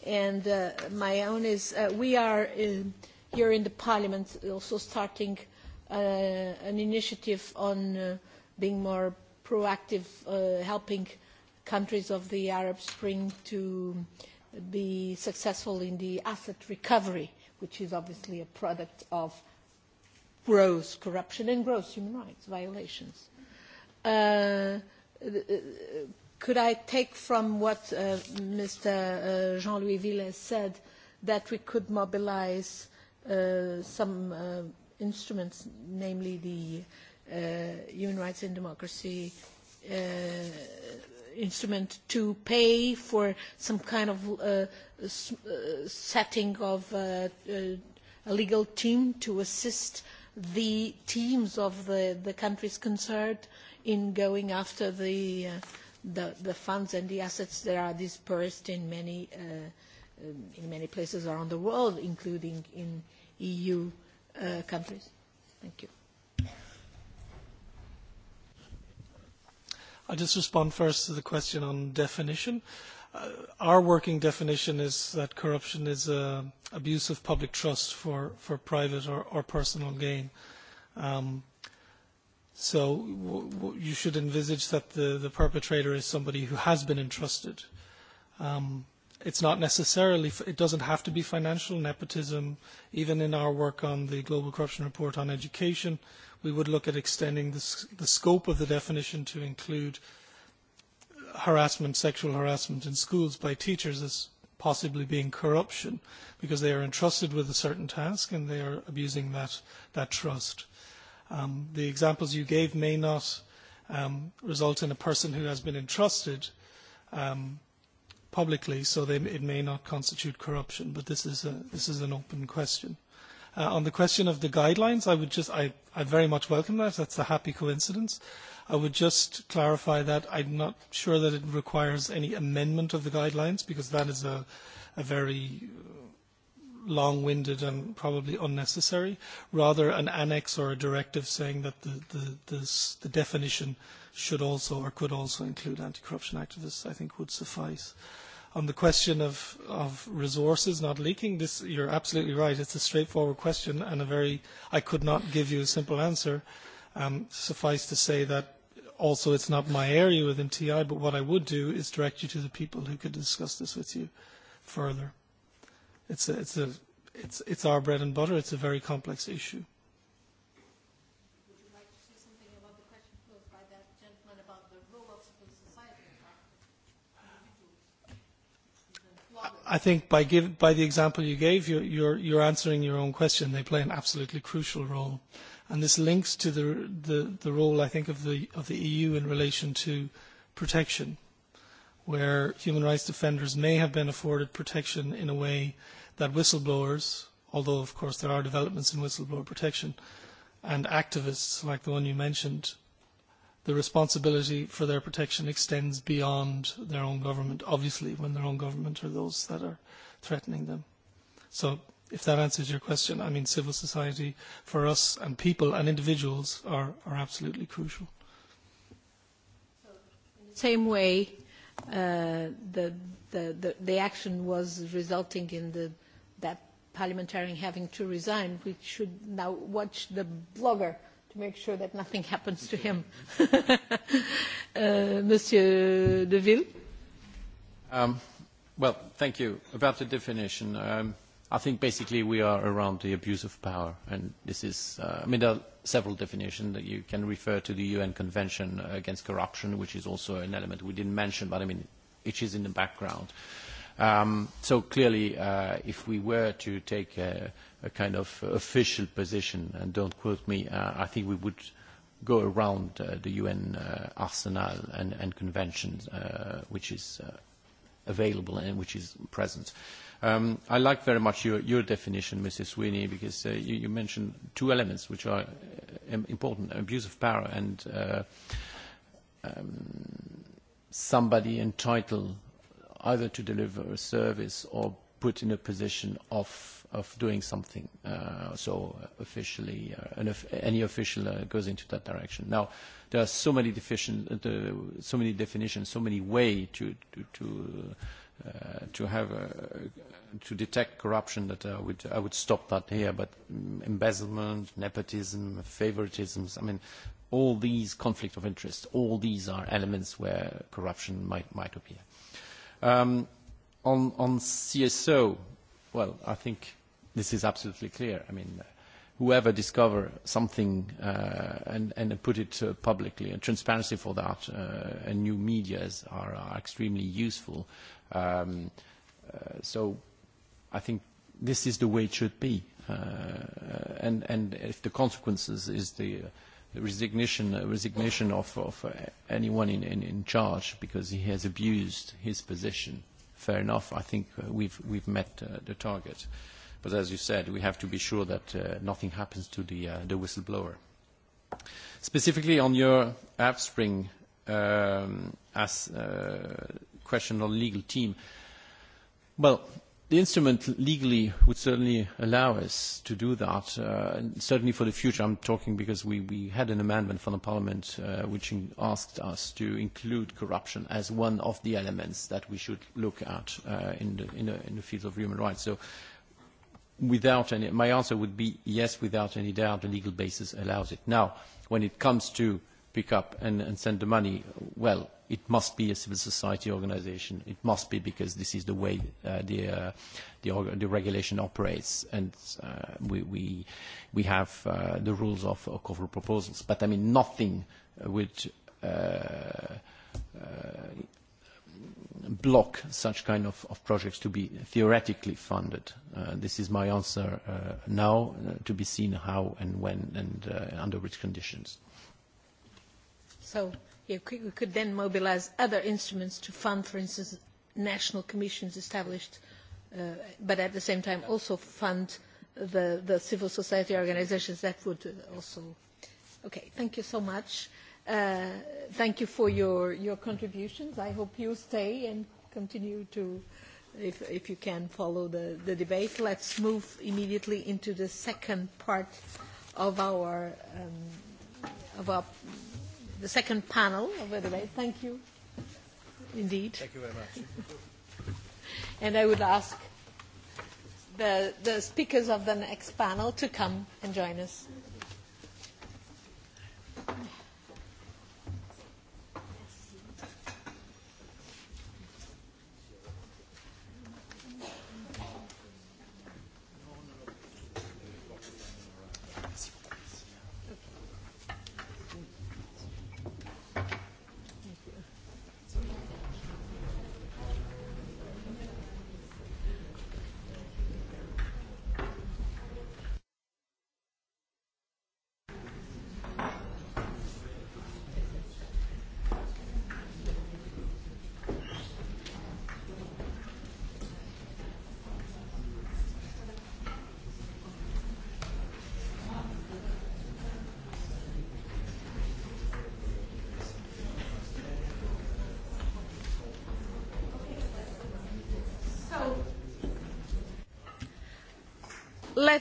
And my own is we are here in the Parliament also starting an initiative on being more proactive, helping countries of the Arab Spring to be successful in the asset recovery, which is obviously a product of gross corruption and gross human rights violations. Could I take from what Mr. Jean-Louis villet said that we could mobilize some instruments, namely the Human Rights and Democracy instrument to pay for some kind of setting of a legal team to assist the teams of the countries concerned in going after the funds and the assets that are dispersed in many places around the world, including in EU countries. Thank you. I'll just respond first to the question on definition. Our working definition is that corruption is an abuse of public trust for private or personal gain. So you should envisage that the perpetrator is somebody who has been entrusted. It's not necessarily, it doesn't have to be financial nepotism. Even in our work on the Global Corruption Report on Education, we would look at extending the scope of the definition to include harassment, sexual harassment in schools by teachers as possibly being corruption because they are entrusted with a certain task and they are abusing that trust. The examples you gave may not result in a person who has been entrusted publicly, so it may not constitute corruption, but this is an open question. On the question of the guidelines, I would just, I very much welcome that. That's a happy coincidence. I would just clarify that I'm not sure that it requires any amendment of the guidelines because that is a very long-winded and probably unnecessary, rather an annex or a directive saying that the definition should also or could also include anti-corruption activists, I think would suffice. On the question of resources not leaking, this you're absolutely right. It's a straightforward question and a very I could not give you a simple answer. Suffice to say that also it's not my area within TI, but what I would do is direct you to the people who could discuss this with you further. It's it's a it's it's our bread and butter. It's a very complex issue. I think by the example you gave, you're answering your own question. They play an absolutely crucial role. And this links to the role, I think, of the EU in relation to protection, where human rights defenders may have been afforded protection in a way that whistleblowers, although, of course, there are developments in whistleblower protection, and activists like the one you mentioned the responsibility for their protection extends beyond their own government, obviously, when their own government are those that are threatening them. So if that answers your question, I mean, civil society for us and people and individuals are absolutely crucial. In the same way, the action was resulting in that parliamentarian having to resign, we should now watch the blogger make sure that nothing happens to him. Monsieur Deville. Well, thank you. About the definition, I think basically we are around the abuse of power, and this is, I mean, there are several definitions that you can refer to the UN Convention against corruption, which is also an element we didn't mention, but I mean, it is in the background. So clearly, if we were to take a kind of official position, and don't quote me, I think we would go around the UN arsenal and conventions which is available and which is present. I like very much your definition, Mrs. Sweeney, because you mentioned two elements which are important, abuse of power and somebody entitled either to deliver a service or put in a position of of doing something. So officially, any official goes into that direction. Now, there are so many so many definitions, so many ways to to to have to detect corruption that I would I would stop that here. But embezzlement, nepotism, favoritism, I mean, all these conflict of interest, all these are elements where corruption might might appear. On CSO, well, I think this is absolutely clear. I mean, whoever discover something and put it publicly, and transparency for that, and new media are extremely useful. So I think this is the way it should be. And if the consequences is the resignation resignation of anyone in charge because he has abused his position. Fair enough. I think we've we've met the target. But as you said, we have to be sure that nothing happens to the the whistleblower. Specifically on your Avspring, as question on legal team. Well, The instrument legally would certainly allow us to do that, and certainly for the future. I'm talking because we had an amendment from the Parliament which asked us to include corruption as one of the elements that we should look at in the field of human rights. So without any, my answer would be yes, without any doubt, the legal basis allows it. Now, when it comes to pick up and send the money, well, it must be a civil society organization. It must be because this is the way the the the regulation operates, and we we we have the rules of cover proposals. But, I mean, nothing would block such kind of projects to be theoretically funded. This is my answer now, to be seen how and when and under which conditions. So we could then mobilise other instruments to fund, for instance, national commissions established, but at the same time also fund the civil society organisations that would also. Okay, thank you so much. Thank you for your your contributions. I hope you stay and continue to, if if you can, follow the the debate. Let's move immediately into the second part of our of our the second panel over the way, Thank you. Indeed. Thank you very much. And I would ask the speakers of the next panel to come and join us.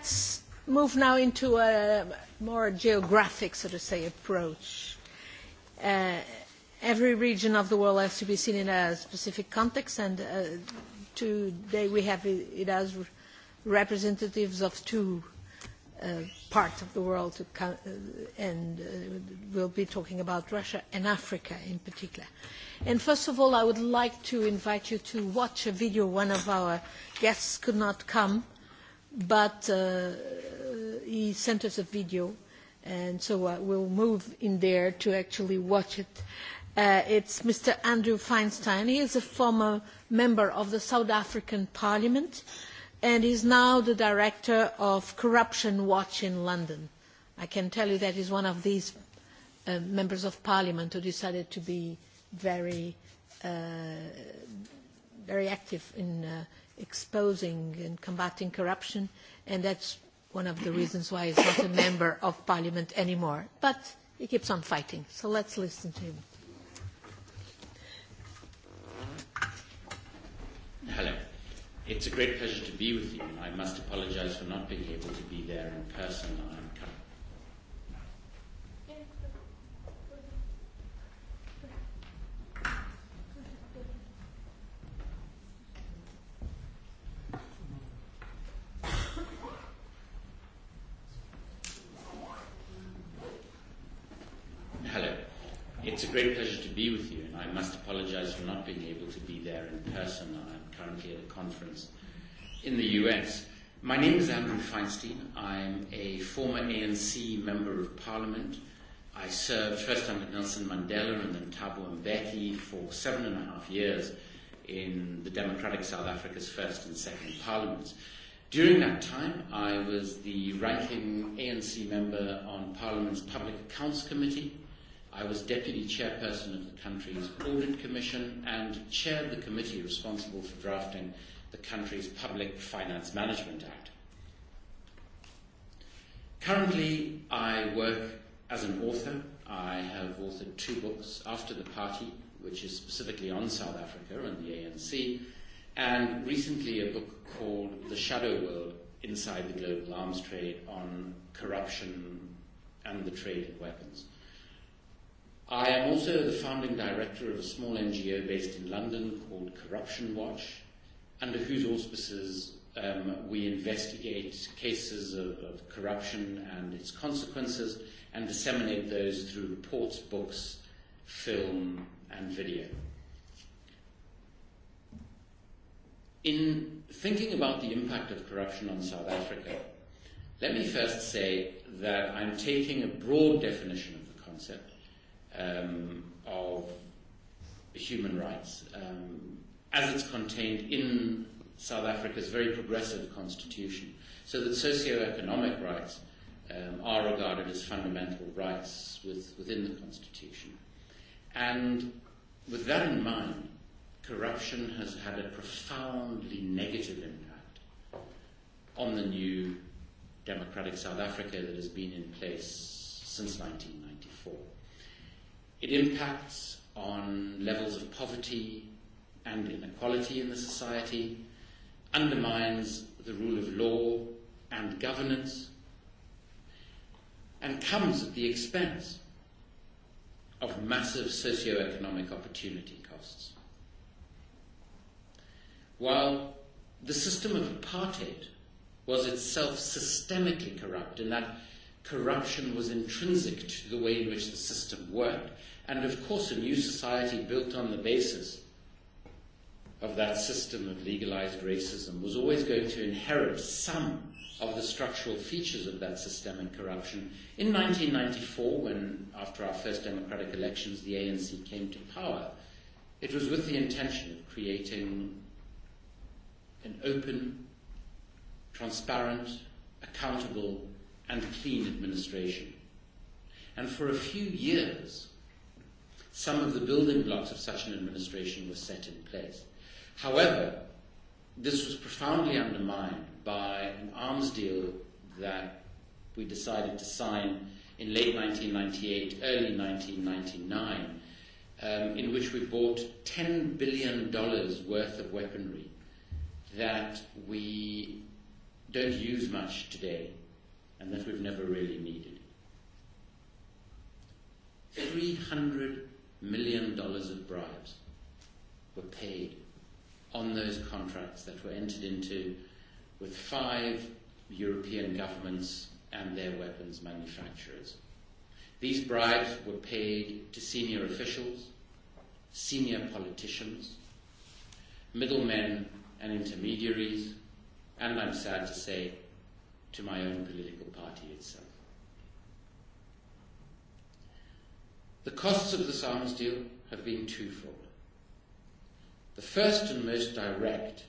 Let's move now into a more geographic, so to say, approach. Every region of the world has to be seen in a specific context, and today we have it as representatives of two parts of the world, and we'll be talking about Russia and Africa in particular. And first of all, I would like to invite you to watch a video. One of our guests could not come but he sent us a video, and so we'll will move in there to actually watch it. It's Mr. Andrew Feinstein. He is a former member of the South African Parliament, and is now the director of Corruption Watch in London. I can tell you that he is one of these members of Parliament who decided to be very, very active in exposing and combating corruption, and that's one of the reasons why he's not a member of parliament anymore. But he keeps on fighting, so let's listen to him. Hello. It's a great pleasure to be with you. I must apologize for not being able to be there in person. I'm great pleasure to be with you, and I must apologize for not being able to be there in person. I'm currently at a conference in the US. My name is Andrew Feinstein. I'm a former ANC Member of Parliament. I served first under Nelson Mandela and then Thabo Mbeki for seven and a half years in the Democratic South Africa's first and second parliaments. During that time, I was the ranking ANC member on Parliament's Public Accounts Committee, I was deputy chairperson of the country's audit commission and chaired the committee responsible for drafting the country's Public Finance Management Act. Currently, I work as an author. I have authored two books, After the Party, which is specifically on South Africa and the ANC, and recently a book called The Shadow World Inside the Global Arms Trade on Corruption and the Trade in Weapons. I am also the founding director of a small NGO based in London called Corruption Watch, under whose auspices um, we investigate cases of, of corruption and its consequences and disseminate those through reports, books, film and video. In thinking about the impact of corruption on South Africa, let me first say that I'm taking a broad definition of the concept um, of human rights, um, as it's contained in South Africa's very progressive constitution, so that socio-economic rights um, are regarded as fundamental rights with, within the constitution. And with that in mind, corruption has had a profoundly negative impact on the new democratic South Africa that has been in place since 1994. It impacts on levels of poverty and inequality in the society, undermines the rule of law and governance, and comes at the expense of massive socio-economic opportunity costs. While the system of apartheid was itself systemically corrupt in that corruption was intrinsic to the way in which the system worked, and of course a new society built on the basis of that system of legalized racism was always going to inherit some of the structural features of that systemic corruption. In 1994, when after our first democratic elections the ANC came to power, it was with the intention of creating an open, transparent, accountable and clean administration. And for a few years, some of the building blocks of such an administration were set in place. However, this was profoundly undermined by an arms deal that we decided to sign in late 1998, early 1999, um, in which we bought $10 billion worth of weaponry that we don't use much today and that we've never really needed. 300 million dollars of bribes were paid on those contracts that were entered into with five European governments and their weapons manufacturers. These bribes were paid to senior officials, senior politicians, middlemen and intermediaries, and I'm sad to say, to my own political party itself. The costs of this arms deal have been twofold. The first and most direct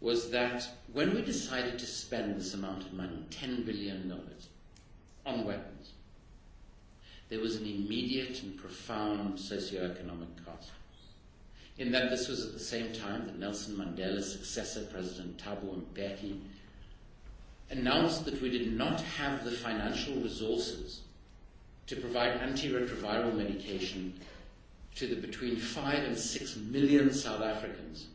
was that when we decided to spend this amount of money, $10 billion, on weapons, there was an immediate and profound socioeconomic cost. In that this was at the same time that Nelson Mandela's successor, President Thabo Mbeki, announced that we did not have the financial resources to provide antiretroviral medication to the between 5 and 6 million South Africans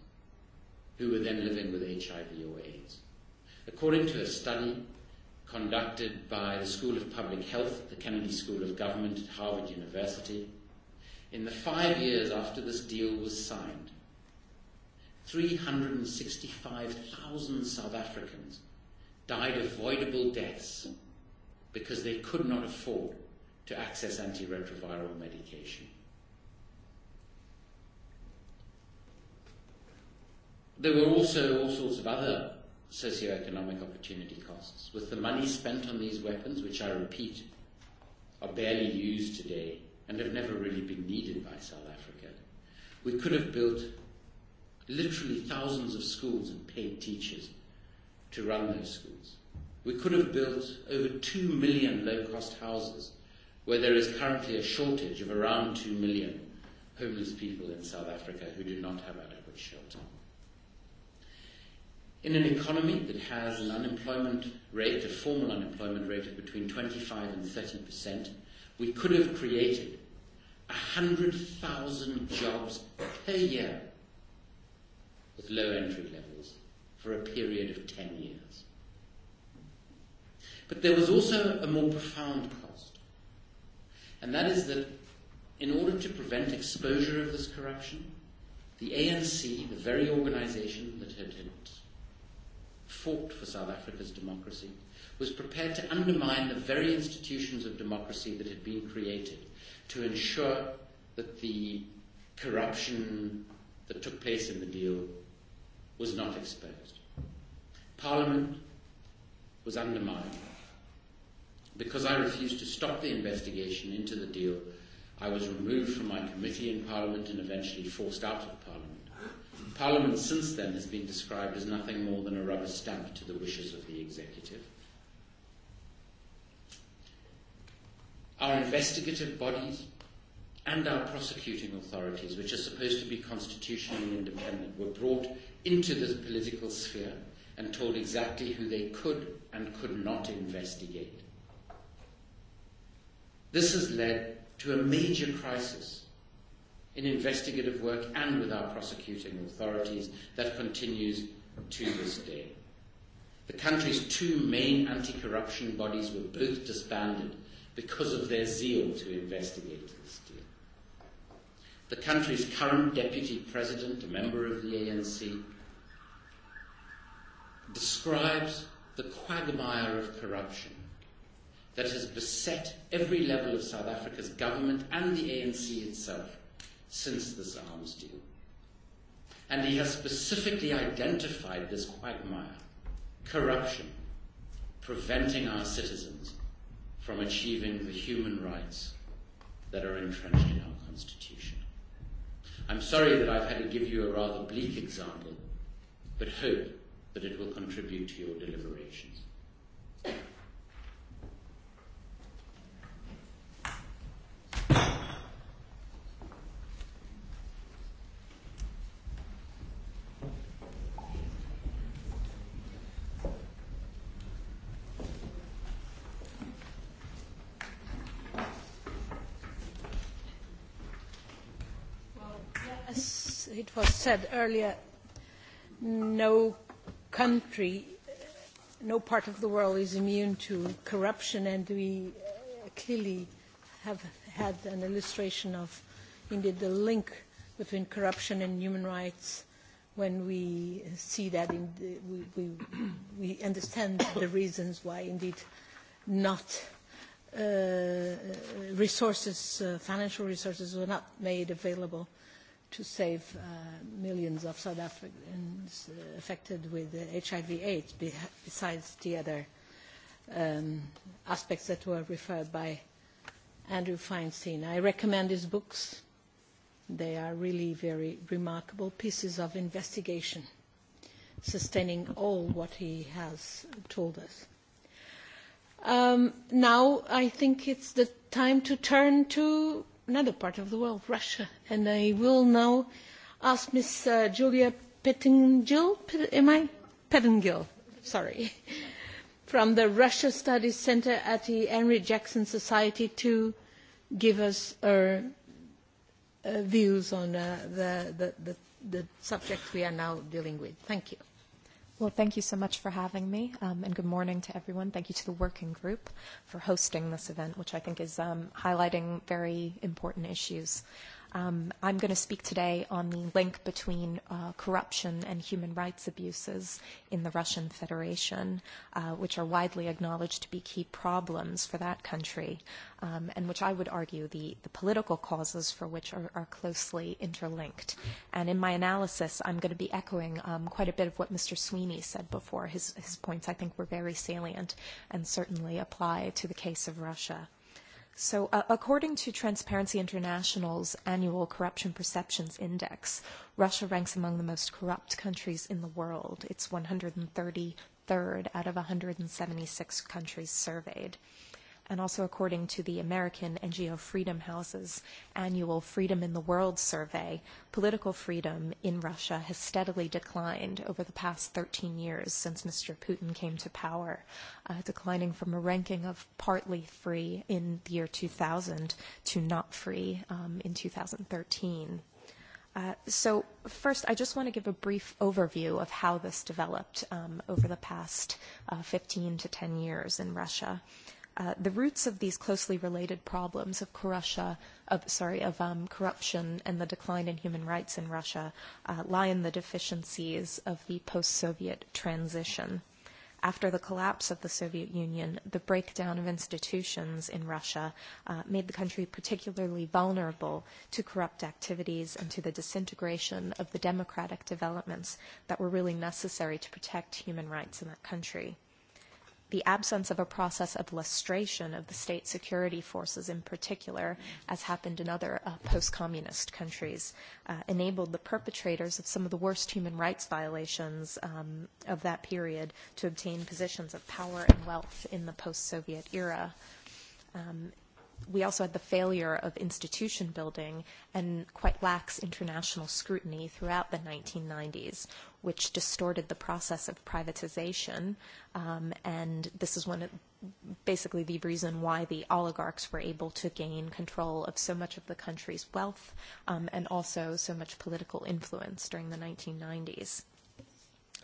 who were then living with HIV or AIDS. According to a study conducted by the School of Public Health the Kennedy School of Government at Harvard University, in the five years after this deal was signed, 365,000 South Africans died avoidable deaths because they could not afford to access antiretroviral medication. There were also all sorts of other socioeconomic opportunity costs, with the money spent on these weapons, which I repeat are barely used today and have never really been needed by South Africa. We could have built literally thousands of schools and paid teachers to run those schools. We could have built over 2 million low-cost houses where there is currently a shortage of around 2 million homeless people in South Africa who do not have adequate shelter. In an economy that has an unemployment rate, a formal unemployment rate of between 25 and 30%, we could have created 100,000 jobs per year with low entry levels for a period of 10 years. But there was also a more profound cost and that is that in order to prevent exposure of this corruption, the ANC, the very organisation that had, had fought for South Africa's democracy, was prepared to undermine the very institutions of democracy that had been created to ensure that the corruption that took place in the deal was not exposed. Parliament was undermined Because I refused to stop the investigation into the deal, I was removed from my committee in Parliament and eventually forced out of Parliament. Parliament since then has been described as nothing more than a rubber stamp to the wishes of the executive. Our investigative bodies and our prosecuting authorities, which are supposed to be constitutionally independent, were brought into the political sphere and told exactly who they could and could not investigate This has led to a major crisis in investigative work and with our prosecuting authorities that continues to this day. The country's two main anti-corruption bodies were both disbanded because of their zeal to investigate this deal. The country's current deputy president, a member of the ANC, describes the quagmire of corruption that has beset every level of South Africa's government and the ANC itself since this arms deal. And he has specifically identified this quagmire, corruption, preventing our citizens from achieving the human rights that are entrenched in our Constitution. I'm sorry that I've had to give you a rather bleak example, but hope that it will contribute to your deliberations. said earlier, no country, no part of the world is immune to corruption, and we clearly have had an illustration of indeed the link between corruption and human rights when we see that we understand the reasons why indeed not resources, financial resources were not made available to save millions of South Africans affected with HIV/AIDS, besides the other aspects that were referred by Andrew Feinstein. I recommend his books. They are really very remarkable pieces of investigation, sustaining all what he has told us. Now I think it's the time to turn to another part of the world, Russia. And I will now ask Ms. Julia Pettingill, am I? Pettingill, sorry, from the Russia Studies Center at the Henry Jackson Society to give us her views on the subject we are now dealing with. Thank you. Well, thank you so much for having me, and good morning to everyone. Thank you to the working group for hosting this event, which I think is highlighting very important issues. I'm going to speak today on the link between corruption and human rights abuses in the Russian Federation, which are widely acknowledged to be key problems for that country, and which I would argue the political causes for which are closely interlinked. And in my analysis, I'm going to be echoing quite a bit of what Mr. Sweeney said before. His points, I think, were very salient and certainly apply to the case of Russia. So according to Transparency International's annual Corruption Perceptions Index, Russia ranks among the most corrupt countries in the world. It's 133rd out of 176 countries surveyed and also according to the American NGO Freedom House's annual Freedom in the World survey, political freedom in Russia has steadily declined over the past 13 years since Mr. Putin came to power, declining from a ranking of partly free in the year 2000 to not free in 2013. So first, I just want to give a brief overview of how this developed over the past 15 to 10 years in Russia the roots of these closely related problems of corruption of sorry of corruption and the decline in human rights in Russia lie in the deficiencies of the post-Soviet transition. After the collapse of the Soviet Union, the breakdown of institutions in Russia made the country particularly vulnerable to corrupt activities and to the disintegration of the democratic developments that were really necessary to protect human rights in that country the absence of a process of lustration of the state security forces in particular, as happened in other post-communist countries, enabled the perpetrators of some of the worst human rights violations of that period to obtain positions of power and wealth in the post-Soviet era. We also had the failure of institution building and quite lax international scrutiny throughout the 1990s, which distorted the process of privatization. And this is one of basically the reason why the oligarchs were able to gain control of so much of the country's wealth um and also so much political influence during the 1990s.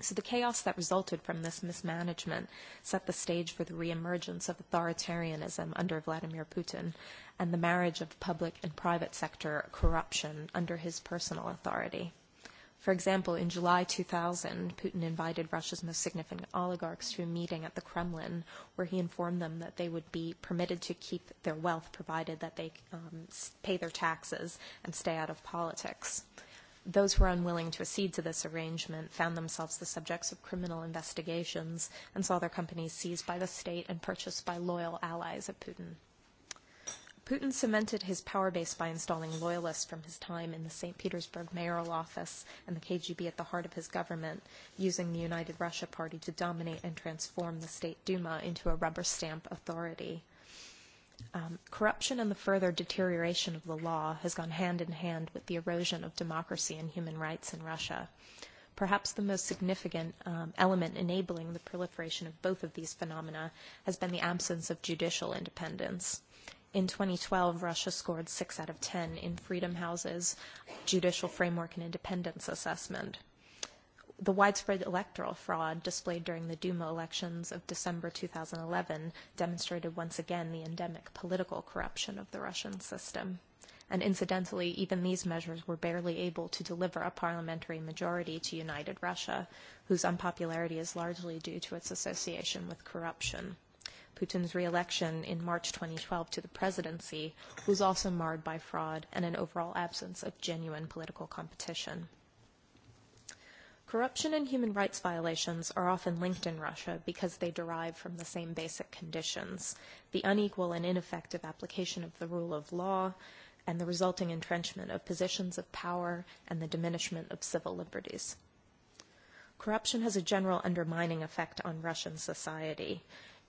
So the chaos that resulted from this mismanagement set the stage for the reemergence of authoritarianism under Vladimir Putin and the marriage of public and private sector corruption under his personal authority. For example, in July 2000, Putin invited Russia's most significant oligarchs to a meeting at the Kremlin where he informed them that they would be permitted to keep their wealth provided that they pay their taxes and stay out of politics. Those who were unwilling to accede to this arrangement found themselves the subjects of criminal investigations and saw their companies seized by the state and purchased by loyal allies of Putin. Putin cemented his power base by installing loyalists from his time in the St. Petersburg mayoral office and the KGB at the heart of his government, using the United Russia Party to dominate and transform the State Duma into a rubber stamp authority. Corruption and the further deterioration of the law has gone hand in hand with the erosion of democracy and human rights in Russia. Perhaps the most significant element enabling the proliferation of both of these phenomena has been the absence of judicial independence. In 2012, Russia scored 6 out of 10 in Freedom House's Judicial Framework and Independence Assessment. The widespread electoral fraud displayed during the Duma elections of December 2011 demonstrated once again the endemic political corruption of the Russian system. And incidentally, even these measures were barely able to deliver a parliamentary majority to United Russia, whose unpopularity is largely due to its association with corruption. Putin's re-election in March 2012 to the presidency was also marred by fraud and an overall absence of genuine political competition. Corruption and human rights violations are often linked in Russia because they derive from the same basic conditions, the unequal and ineffective application of the rule of law and the resulting entrenchment of positions of power and the diminishment of civil liberties. Corruption has a general undermining effect on Russian society.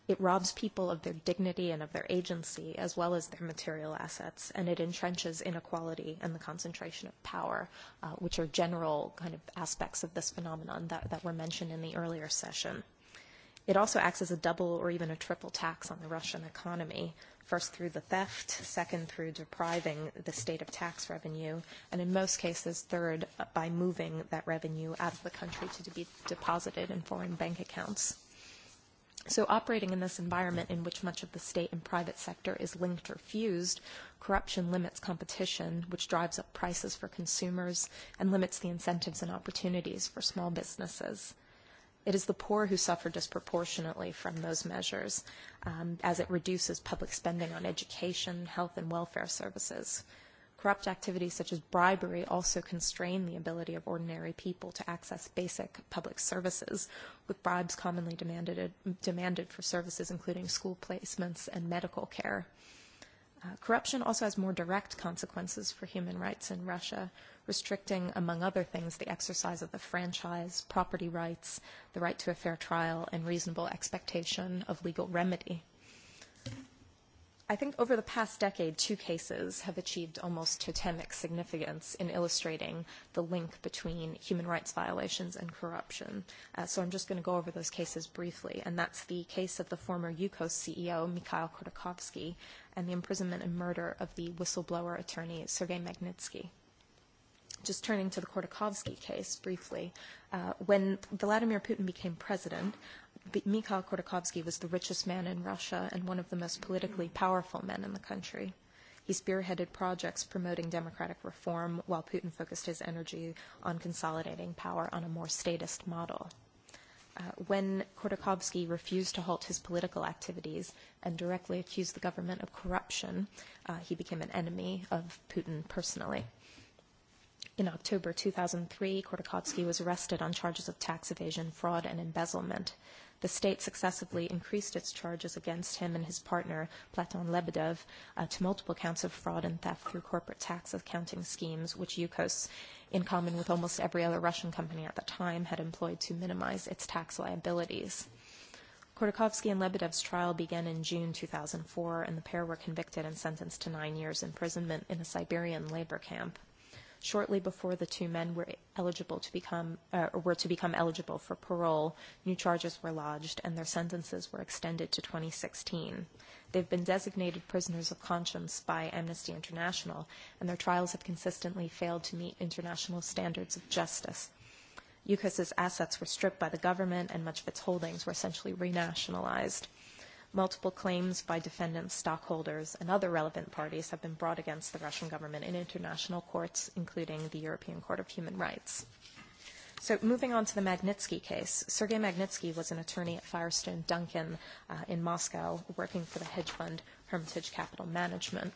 It robs people of their dignity and of their agency, as well as their material assets, and it entrenches inequality and the concentration of power, which are general kind of aspects of this phenomenon that were mentioned in the earlier session. It also acts as a double or even a triple tax on the Russian economy, first through the theft, second through depriving the state of tax revenue, and in most cases, third, by moving that revenue out of the country to be deposited in foreign bank accounts. So operating in this environment in which much of the state and private sector is linked or fused, corruption limits competition, which drives up prices for consumers and limits the incentives and opportunities for small businesses. It is the poor who suffer disproportionately from those measures, as it reduces public spending on education, health, and welfare services Corrupt activities such as bribery also constrain the ability of ordinary people to access basic public services, with bribes commonly demanded for services including school placements and medical care. Corruption also has more direct consequences for human rights in Russia, restricting, among other things, the exercise of the franchise, property rights, the right to a fair trial, and reasonable expectation of legal remedy. I think over the past decade, two cases have achieved almost totemic significance in illustrating the link between human rights violations and corruption. So I'm just going to go over those cases briefly, and that's the case of the former Yukos CEO, Mikhail Khodorkovsky, and the imprisonment and murder of the whistleblower attorney, Sergei Magnitsky. Just turning to the Khodorkovsky case briefly, when Vladimir Putin became president, Mikhail Khodorkovsky was the richest man in Russia and one of the most politically powerful men in the country. He spearheaded projects promoting democratic reform while Putin focused his energy on consolidating power on a more statist model. When Khodorkovsky refused to halt his political activities and directly accused the government of corruption, he became an enemy of Putin personally. In October 2003, Khodorkovsky was arrested on charges of tax evasion, fraud, and embezzlement the state successively increased its charges against him and his partner, Platon Lebedev, to multiple counts of fraud and theft through corporate tax accounting schemes, which Yukos, in common with almost every other Russian company at the time, had employed to minimize its tax liabilities. Kordakovsky and Lebedev's trial began in June 2004, and the pair were convicted and sentenced to nine years imprisonment in a Siberian labor camp shortly before the two men were eligible to become or were to become eligible for parole, new charges were lodged and their sentences were extended to 2016. They've been designated prisoners of conscience by Amnesty International, and their trials have consistently failed to meet international standards of justice. UCAS's assets were stripped by the government, and much of its holdings were essentially renationalized multiple claims by defendants, stockholders, and other relevant parties have been brought against the Russian government in international courts, including the European Court of Human Rights. So moving on to the Magnitsky case, Sergei Magnitsky was an attorney at Firestone Duncan in Moscow working for the hedge fund Hermitage Capital Management.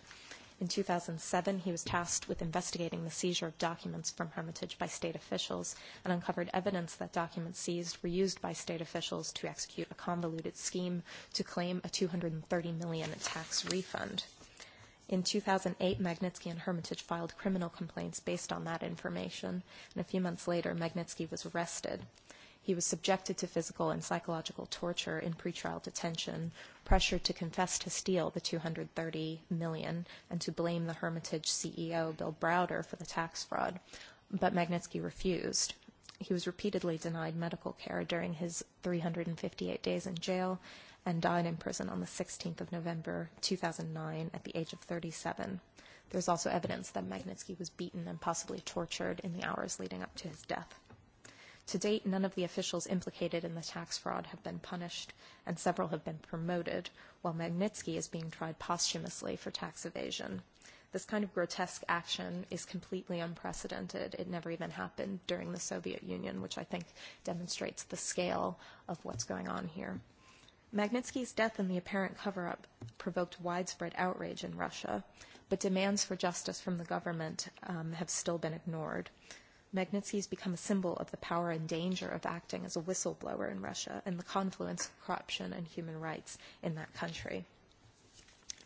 In 2007, he was tasked with investigating the seizure of documents from Hermitage by state officials and uncovered evidence that documents seized were used by state officials to execute a convoluted scheme to claim a $230 million tax refund. In 2008, Magnitsky and Hermitage filed criminal complaints based on that information, and a few months later, Magnitsky was arrested. He was subjected to physical and psychological torture in pretrial detention, pressured to confess to steal the 230 million and to blame the Hermitage CEO, Bill Browder, for the tax fraud, but Magnitsky refused. He was repeatedly denied medical care during his 358 days in jail and died in prison on the 16th of November 2009 at the age of 37. There's also evidence that Magnitsky was beaten and possibly tortured in the hours leading up to his death. To date, none of the officials implicated in the tax fraud have been punished, and several have been promoted, while Magnitsky is being tried posthumously for tax evasion. This kind of grotesque action is completely unprecedented. It never even happened during the Soviet Union, which I think demonstrates the scale of what's going on here. Magnitsky's death and the apparent cover-up provoked widespread outrage in Russia, but demands for justice from the government have still been ignored. Magnitsky has become a symbol of the power and danger of acting as a whistleblower in Russia and the confluence of corruption and human rights in that country.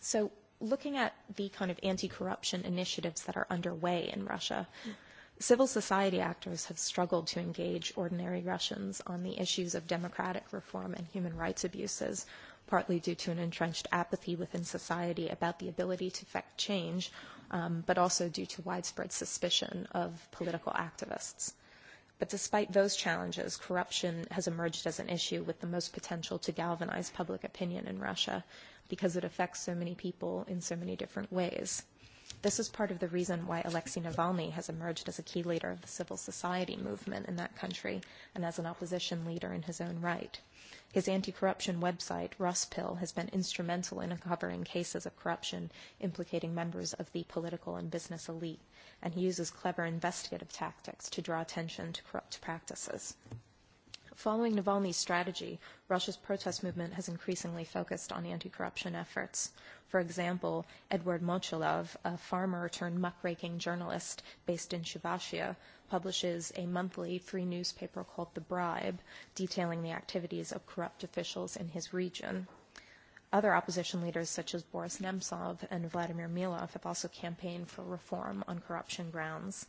So looking at the kind of anti-corruption initiatives that are underway in Russia, civil society actors have struggled to engage ordinary Russians on the issues of democratic reform and human rights abuses, partly due to an entrenched apathy within society about the ability to effect change, but also due to widespread suspicion of political activists. But despite those challenges, corruption has emerged as an issue with the most potential to galvanize public opinion in Russia because it affects so many people in so many different ways. This is part of the reason why Alexei Navalny has emerged as a key leader of the civil society movement in that country and as an opposition leader in his own right. His anti-corruption website, Ruspill, has been instrumental in uncovering cases of corruption implicating members of the political and business elite, and he uses clever investigative tactics to draw attention to corrupt practices. Following Navalny's strategy, Russia's protest movement has increasingly focused on anti-corruption efforts. For example, Edward Mochilov, a farmer-turned muckraking journalist based in Shuvashia, publishes a monthly free newspaper called The Bribe, detailing the activities of corrupt officials in his region. Other opposition leaders such as Boris Nemtsov and Vladimir Milov have also campaigned for reform on corruption grounds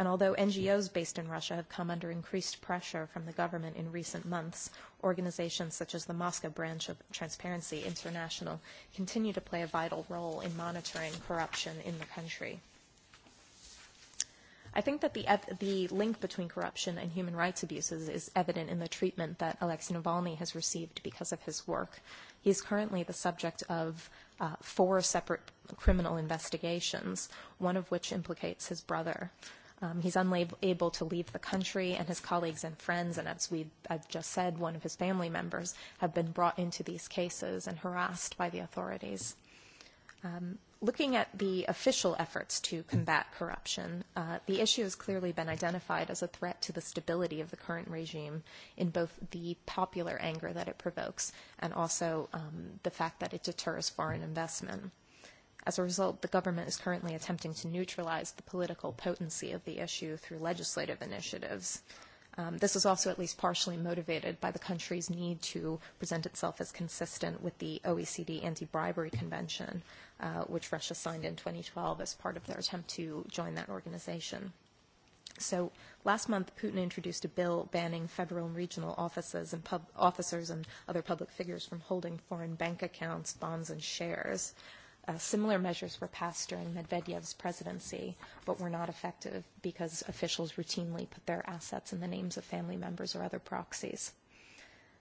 and although ngos based in russia have come under increased pressure from the government in recent months organizations such as the moscow branch of transparency international continue to play a vital role in monitoring corruption in the country i think that the the link between corruption and human rights abuses is evident in the treatment that alexei navalny has received because of his work he is currently the subject of four separate criminal investigations one of which implicates his brother He's unable to leave the country, and his colleagues and friends, and as we have just said, one of his family members, have been brought into these cases and harassed by the authorities. Looking at the official efforts to combat corruption, the issue has clearly been identified as a threat to the stability of the current regime in both the popular anger that it provokes and also the fact that it deters foreign investment. As a result, the government is currently attempting to neutralize the political potency of the issue through legislative initiatives. This is also at least partially motivated by the country's need to present itself as consistent with the OECD Anti-Bribery Convention, which Russia signed in 2012 as part of their attempt to join that organization. So last month, Putin introduced a bill banning federal and regional offices and officers and other public figures from holding foreign bank accounts, bonds, and shares. Similar measures were passed during Medvedev's presidency, but were not effective because officials routinely put their assets in the names of family members or other proxies.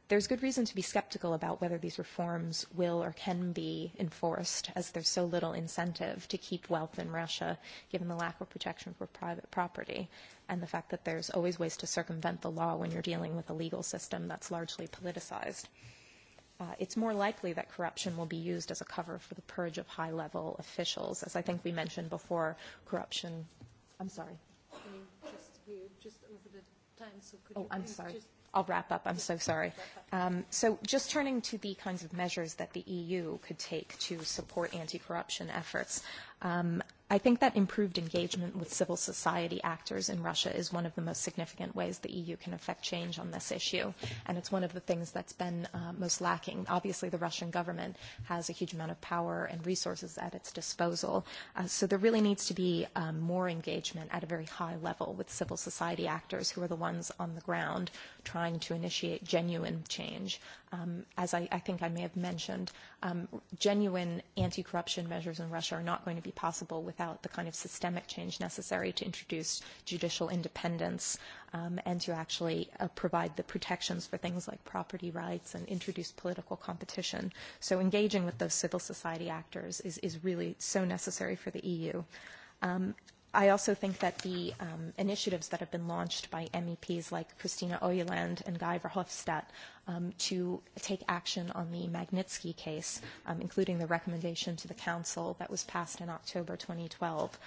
There's good reason to be skeptical about whether these reforms will or can be enforced, as there's so little incentive to keep wealth in Russia, given the lack of protection for private property, and the fact that there's always ways to circumvent the law when you're dealing with a legal system that's largely politicized it's more likely that corruption will be used as a cover for the purge of high-level officials. As I think we mentioned before, corruption... I'm sorry. just over the time, so could Oh, I'm sorry. I'll wrap up. I'm so sorry. So just turning to the kinds of measures that the EU could take to support anti-corruption efforts, I think that improved engagement with civil society actors in Russia is one of the most significant ways the EU can affect change on this issue, and it's one of the things that's been most lacking. Obviously, the Russian government has a huge amount of power and resources at its disposal, so there really needs to be more engagement at a very high level with civil society actors who are the ones on the ground trying to initiate genuine change. As I think I may have mentioned, genuine anti-corruption measures in Russia are not going to be possible with without the kind of systemic change necessary to introduce judicial independence and to actually provide the protections for things like property rights and introduce political competition. So engaging with those civil society actors is, is really so necessary for the EU. Um, I also think that the initiatives that have been launched by MEPs like Christina Oyland and Guy Verhofstadt to take action on the Magnitsky case, including the recommendation to the Council that was passed in October 2012,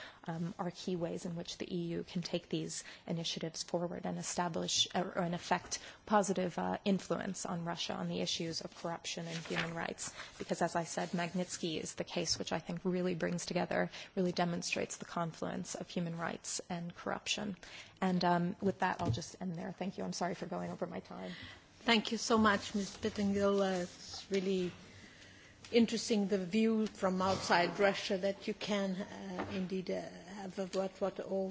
are key ways in which the EU can take these initiatives forward and establish or in effect positive influence on Russia on the issues of corruption and human rights. Because as I said, Magnitsky is the case which I think really brings together, really demonstrates the confluence of human rights and corruption. And with that, I'll just end there. Thank you. I'm sorry for going over my time. Thank you so much, Ms. Pettengill. It's really interesting the view from outside Russia that you can indeed have of what what all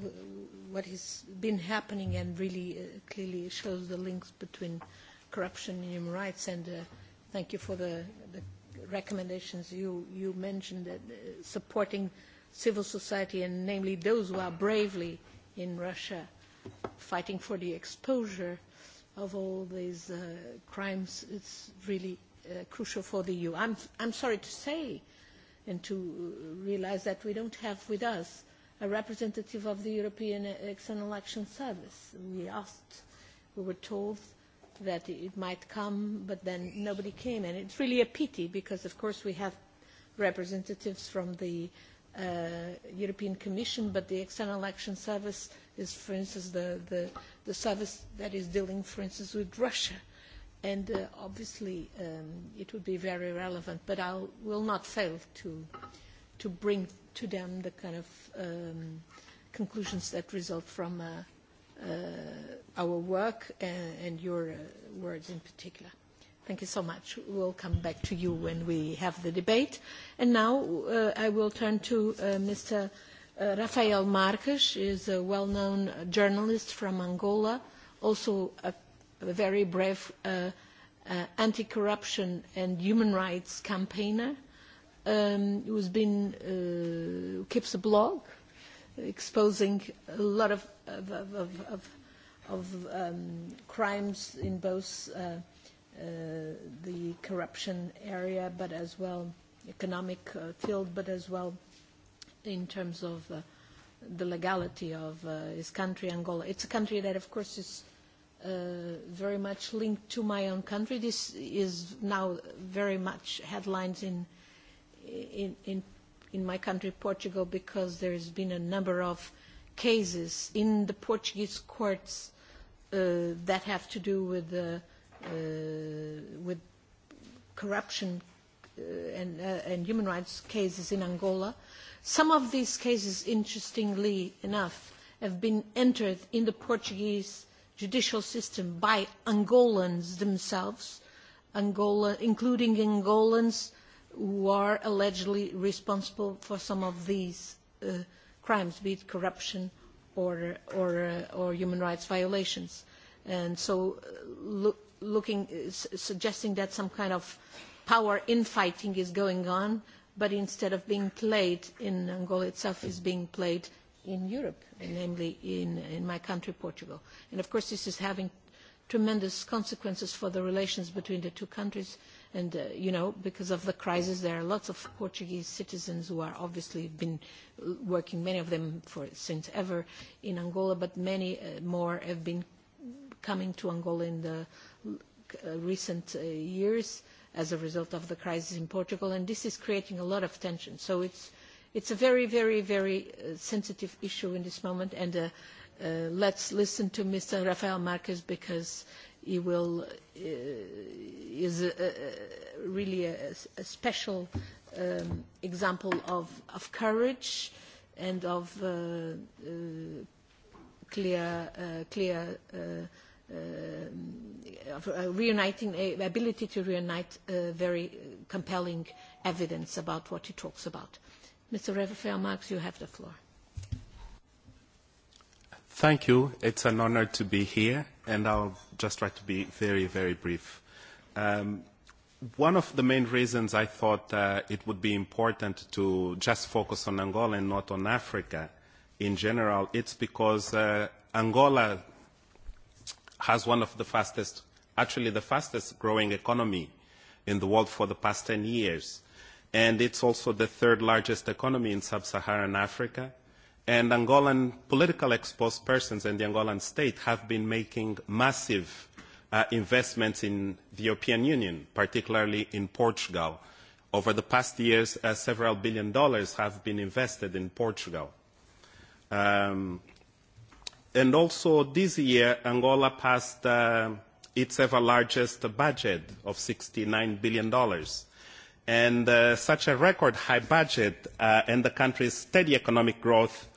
what has been happening and really clearly shows the links between corruption and human rights. And thank you for the recommendations you you mentioned that supporting civil society and namely those who are bravely in Russia fighting for the exposure of all these crimes it's really crucial for the eu i'm i'm sorry to say and to realize that we don't have with us a representative of the european external action service we asked we were told that it might come but then nobody came and it's really a pity because of course we have representatives from the european commission but the external action service is for instance the the service that is dealing, for instance, with Russia. And obviously it would be very relevant, but I will not fail to to bring to them the kind of conclusions that result from our work and your words in particular. Thank you so much. We will come back to you when we have the debate. And now I will turn to Mr. Rafael Marques is a well-known journalist from Angola, also a very brave anti-corruption and human rights campaigner, who keeps a blog exposing a lot of crimes in both the corruption area, but as well economic field, but as well in terms of the legality of his country, Angola. It's a country that, of course, is very much linked to my own country. This is now very much headlines in in my country, Portugal, because there has been a number of cases in the Portuguese courts that have to do with corruption and human rights cases in Angola Some of these cases, interestingly enough, have been entered in the Portuguese judicial system by Angolans themselves, including Angolans who are allegedly responsible for some of these crimes, be it corruption or human rights violations. And so suggesting that some kind of power infighting is going on but instead of being played in Angola itself, is being played in Europe, namely in my country, Portugal. And of course, this is having tremendous consequences for the relations between the two countries. And, you know, because of the crisis, there are lots of Portuguese citizens who are obviously been working, many of them for since ever in Angola, but many more have been coming to Angola in the recent years as a result of the crisis in Portugal, and this is creating a lot of tension. So it's a very, very, very sensitive issue in this moment, and let's listen to Mr. Rafael Marques because he will is really a special example of courage and of clear reuniting ability to reunite very compelling evidence about what he talks about. Mr. reverfair Marx, you have the floor. Thank you. It's an honor to be here, and I'll just try to be very, very brief. One of the main reasons I thought it would be important to just focus on Angola and not on Africa in general, it's because Angola has one of the fastest, actually the fastest growing economy in the world for the past 10 years. And it's also the third largest economy in sub-Saharan Africa. And Angolan political exposed persons and the Angolan state have been making massive investments in the European Union, particularly in Portugal. Over the past years, several billion dollars have been invested in Portugal. And also this year, Angola passed its ever-largest budget of $69 billion. And such a record-high budget and the country's steady economic growth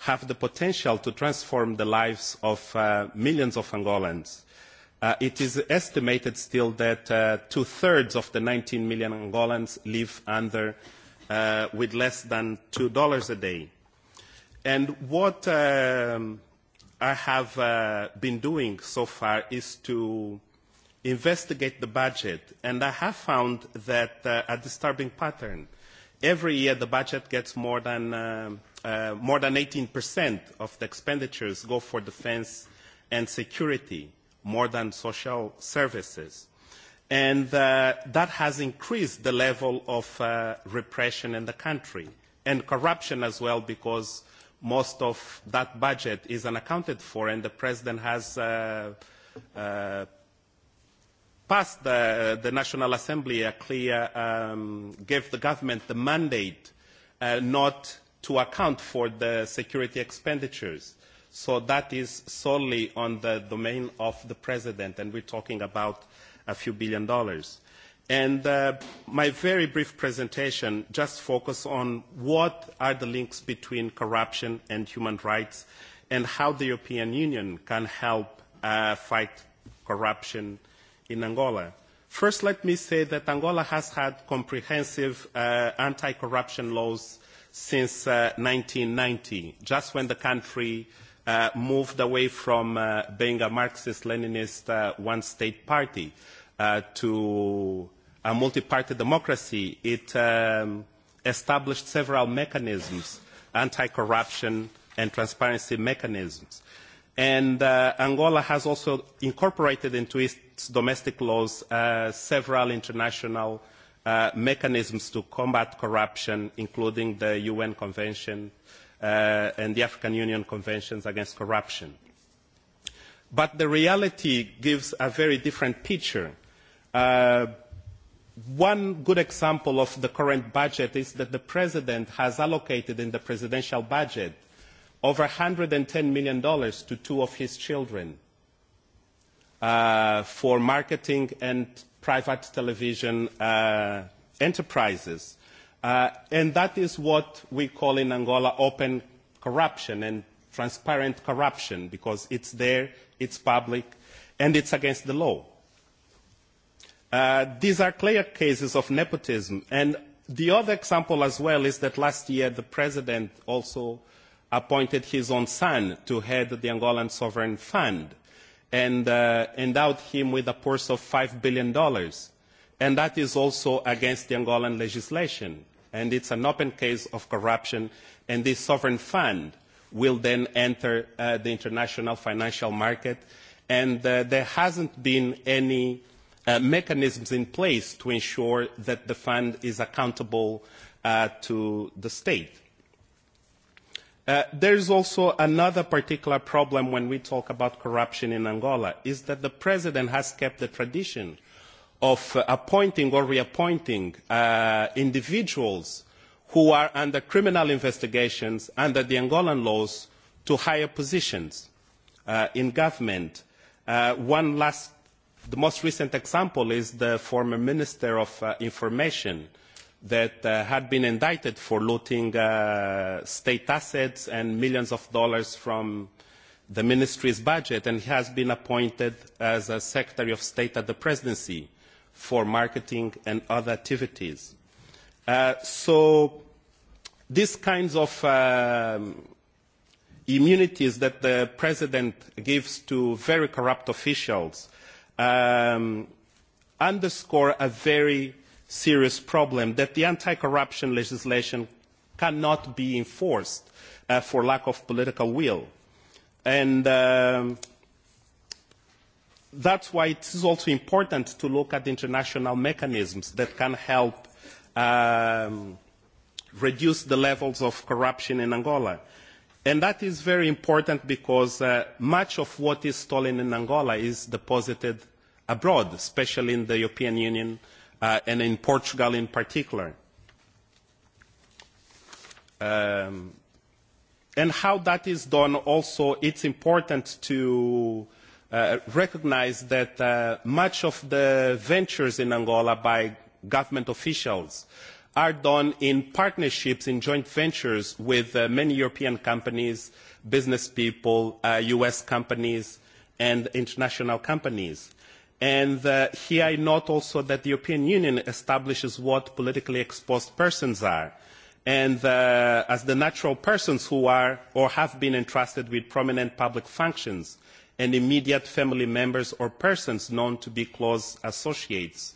have the potential to transform the lives of millions of Angolans. It is estimated still that two-thirds of the 19 million Angolans live under with less than $2 a day. And what I have been doing so far is to investigate the budget, and I have found that a disturbing pattern. Every year the budget gets more than more than 18% of the expenditures go for defence and security, more than social services. And that has increased the level of repression in the country, and corruption as well, because most of that budget is unaccounted for and the President has passed the National Assembly a clear, gave the government the mandate not to account for the security expenditures. So that is solely on the domain of the President and we are talking about a few billion dollars. And my very brief presentation just focus on what are the links between corruption and human rights and how the European Union can help fight corruption in Angola. First, let me say that Angola has had comprehensive anti-corruption laws since 1990, just when the country moved away from being a Marxist-Leninist one-state party to a multi-party democracy, it established several mechanisms, anti-corruption and transparency mechanisms. And Angola has also incorporated into its domestic laws several international mechanisms to combat corruption, including the UN Convention and the African Union Conventions against Corruption. But the reality gives a very different picture. One good example of the current budget is that the President has allocated in the presidential budget over $110 million to two of his children for marketing and private television enterprises. And that is what we call in Angola open corruption and transparent corruption because it's there, it's public, and it's against the law. These are clear cases of nepotism. And the other example as well is that last year the president also appointed his own son to head the Angolan Sovereign Fund and endowed him with a purse of $5 billion. And that is also against the Angolan legislation. And it's an open case of corruption. And this sovereign fund will then enter the international financial market. And there hasn't been any mechanisms in place to ensure that the fund is accountable to the state. There is also another particular problem when we talk about corruption in Angola, is that the president has kept the tradition of appointing or reappointing individuals who are under criminal investigations under the Angolan laws to higher positions in government. One last The most recent example is the former Minister of Information that had been indicted for looting state assets and millions of dollars from the ministry's budget and has been appointed as a Secretary of State at the Presidency for marketing and other activities. So these kinds of immunities that the President gives to very corrupt officials underscore a very serious problem that the anti-corruption legislation cannot be enforced for lack of political will. And that's why it is also important to look at international mechanisms that can help reduce the levels of corruption in Angola. And that is very important because much of what is stolen in Angola is deposited abroad, especially in the European Union and in Portugal in particular. And how that is done also, it's important to recognize that much of the ventures in Angola by government officials are done in partnerships, in joint ventures with many European companies, business people, US companies and international companies. And here I note also that the European Union establishes what politically exposed persons are and as the natural persons who are or have been entrusted with prominent public functions and immediate family members or persons known to be close associates.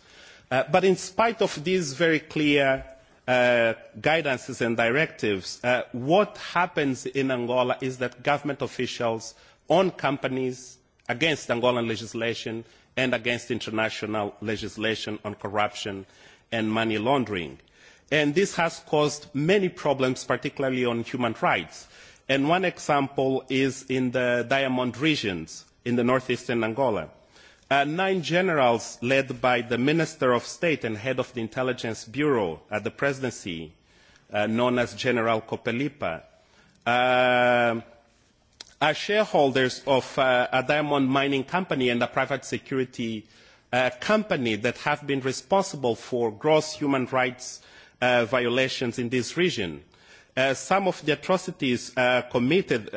But in spite of these very clear guidances and directives, what happens in Angola is that government officials own companies against Angolan legislation and against international legislation on corruption and money laundering. And this has caused many problems, particularly on human rights. And one example is in the diamond regions in the north-eastern Angola Nine generals led by the Minister of State and head of the Intelligence Bureau at the presidency, known as General Kopelipa, are shareholders of a diamond mining company and a private security company that have been responsible for gross human rights violations in this region. Some of the atrocities committed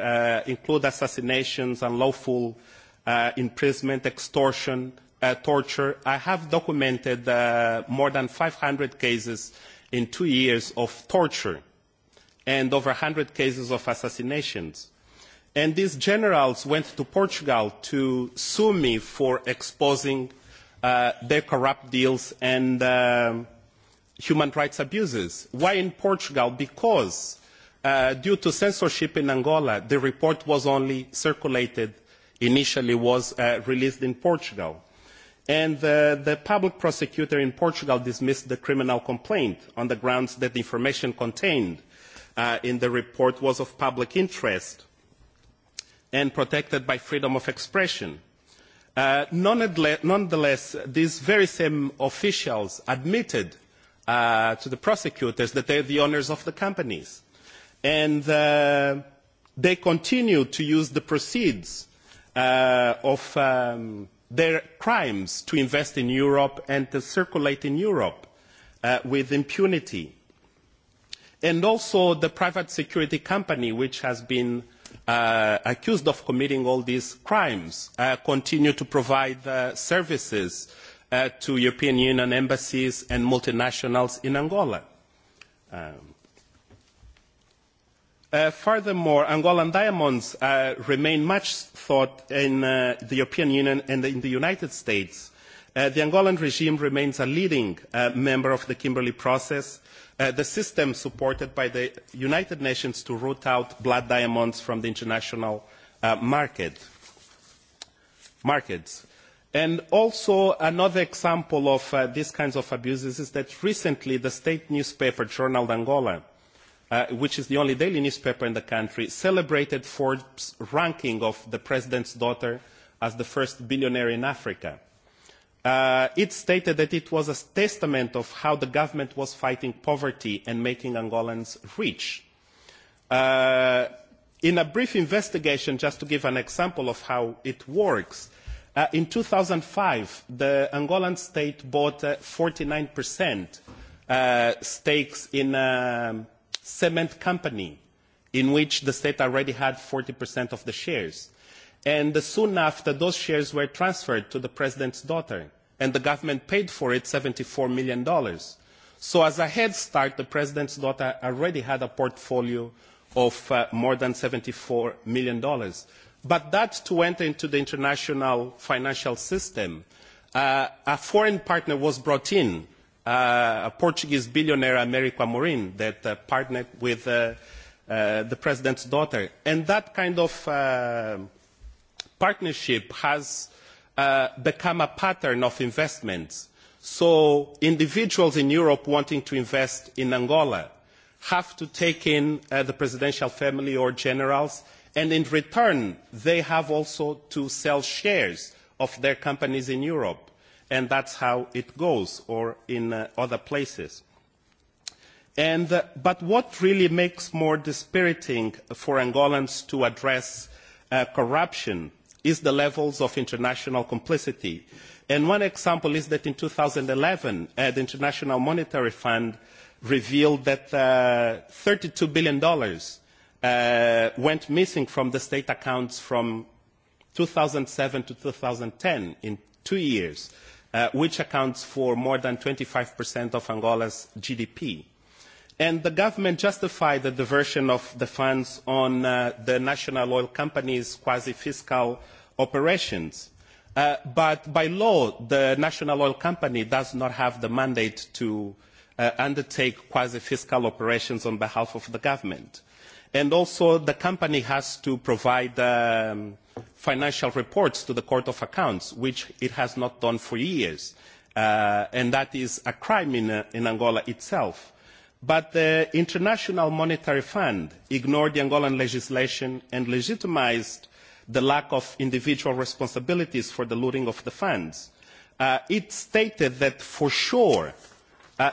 include assassinations, unlawful imprisonment, extortion, torture. I have documented more than 500 cases in two years of torture and over 100 cases of assassinations. And these generals went to Portugal to sue me for exposing their corrupt deals and human rights abuses. Why in Portugal? Because due to censorship in Angola, the report was only circulated initially was released in Portugal. And the public prosecutor in Portugal dismissed the criminal complaint on the grounds that the information contained in the report was of public interest and protected by freedom of expression. Nonetheless, these very same officials admitted to the prosecutors that they are the owners of the companies. And they continue to use the proceeds of their crimes to invest in Europe and to circulate in Europe with impunity. And also the private security company which has been accused of committing all these crimes continue to provide services to European Union embassies and multinationals in Angola. Furthermore, Angolan diamonds remain much sought in the European Union and in the United States. The Angolan regime remains a leading member of the Kimberley process, the system supported by the United Nations to root out blood diamonds from the international markets. And also another example of these kinds of abuses is that recently the state newspaper Journal d'Angola which is the only daily newspaper in the country, celebrated Forbes' ranking of the president's daughter as the first billionaire in Africa. It stated that it was a testament of how the government was fighting poverty and making Angolans rich. In a brief investigation, just to give an example of how it works, in 2005, the Angolan state bought 49% stakes in cement company in which the state already had 40% of the shares. And soon after, those shares were transferred to the president's daughter, and the government paid for it $74 million. So as a head start, the president's daughter already had a portfolio of more than $74 million. But that to enter into the international financial system, a foreign partner was brought in a Portuguese billionaire, America Morin, that partnered with the president's daughter. And that kind of partnership has become a pattern of investments. So individuals in Europe wanting to invest in Angola have to take in the presidential family or generals, and in return, they have also to sell shares of their companies in Europe and that's how it goes, or in other places. But what really makes more dispiriting for Angolans to address corruption is the levels of international complicity. And one example is that in 2011, the International Monetary Fund revealed that $32 billion went missing from the state accounts from 2007 to 2010 in two years which accounts for more than 25% of Angola's GDP. And the government justified the diversion of the funds on the national oil company's quasi-fiscal operations. But by law, the national oil company does not have the mandate to undertake quasi-fiscal operations on behalf of the government. And also, the company has to provide financial reports to the Court of Accounts, which it has not done for years. And that is a crime in Angola itself. But the International Monetary Fund ignored the Angolan legislation and legitimised the lack of individual responsibilities for the looting of the funds. It stated that for sure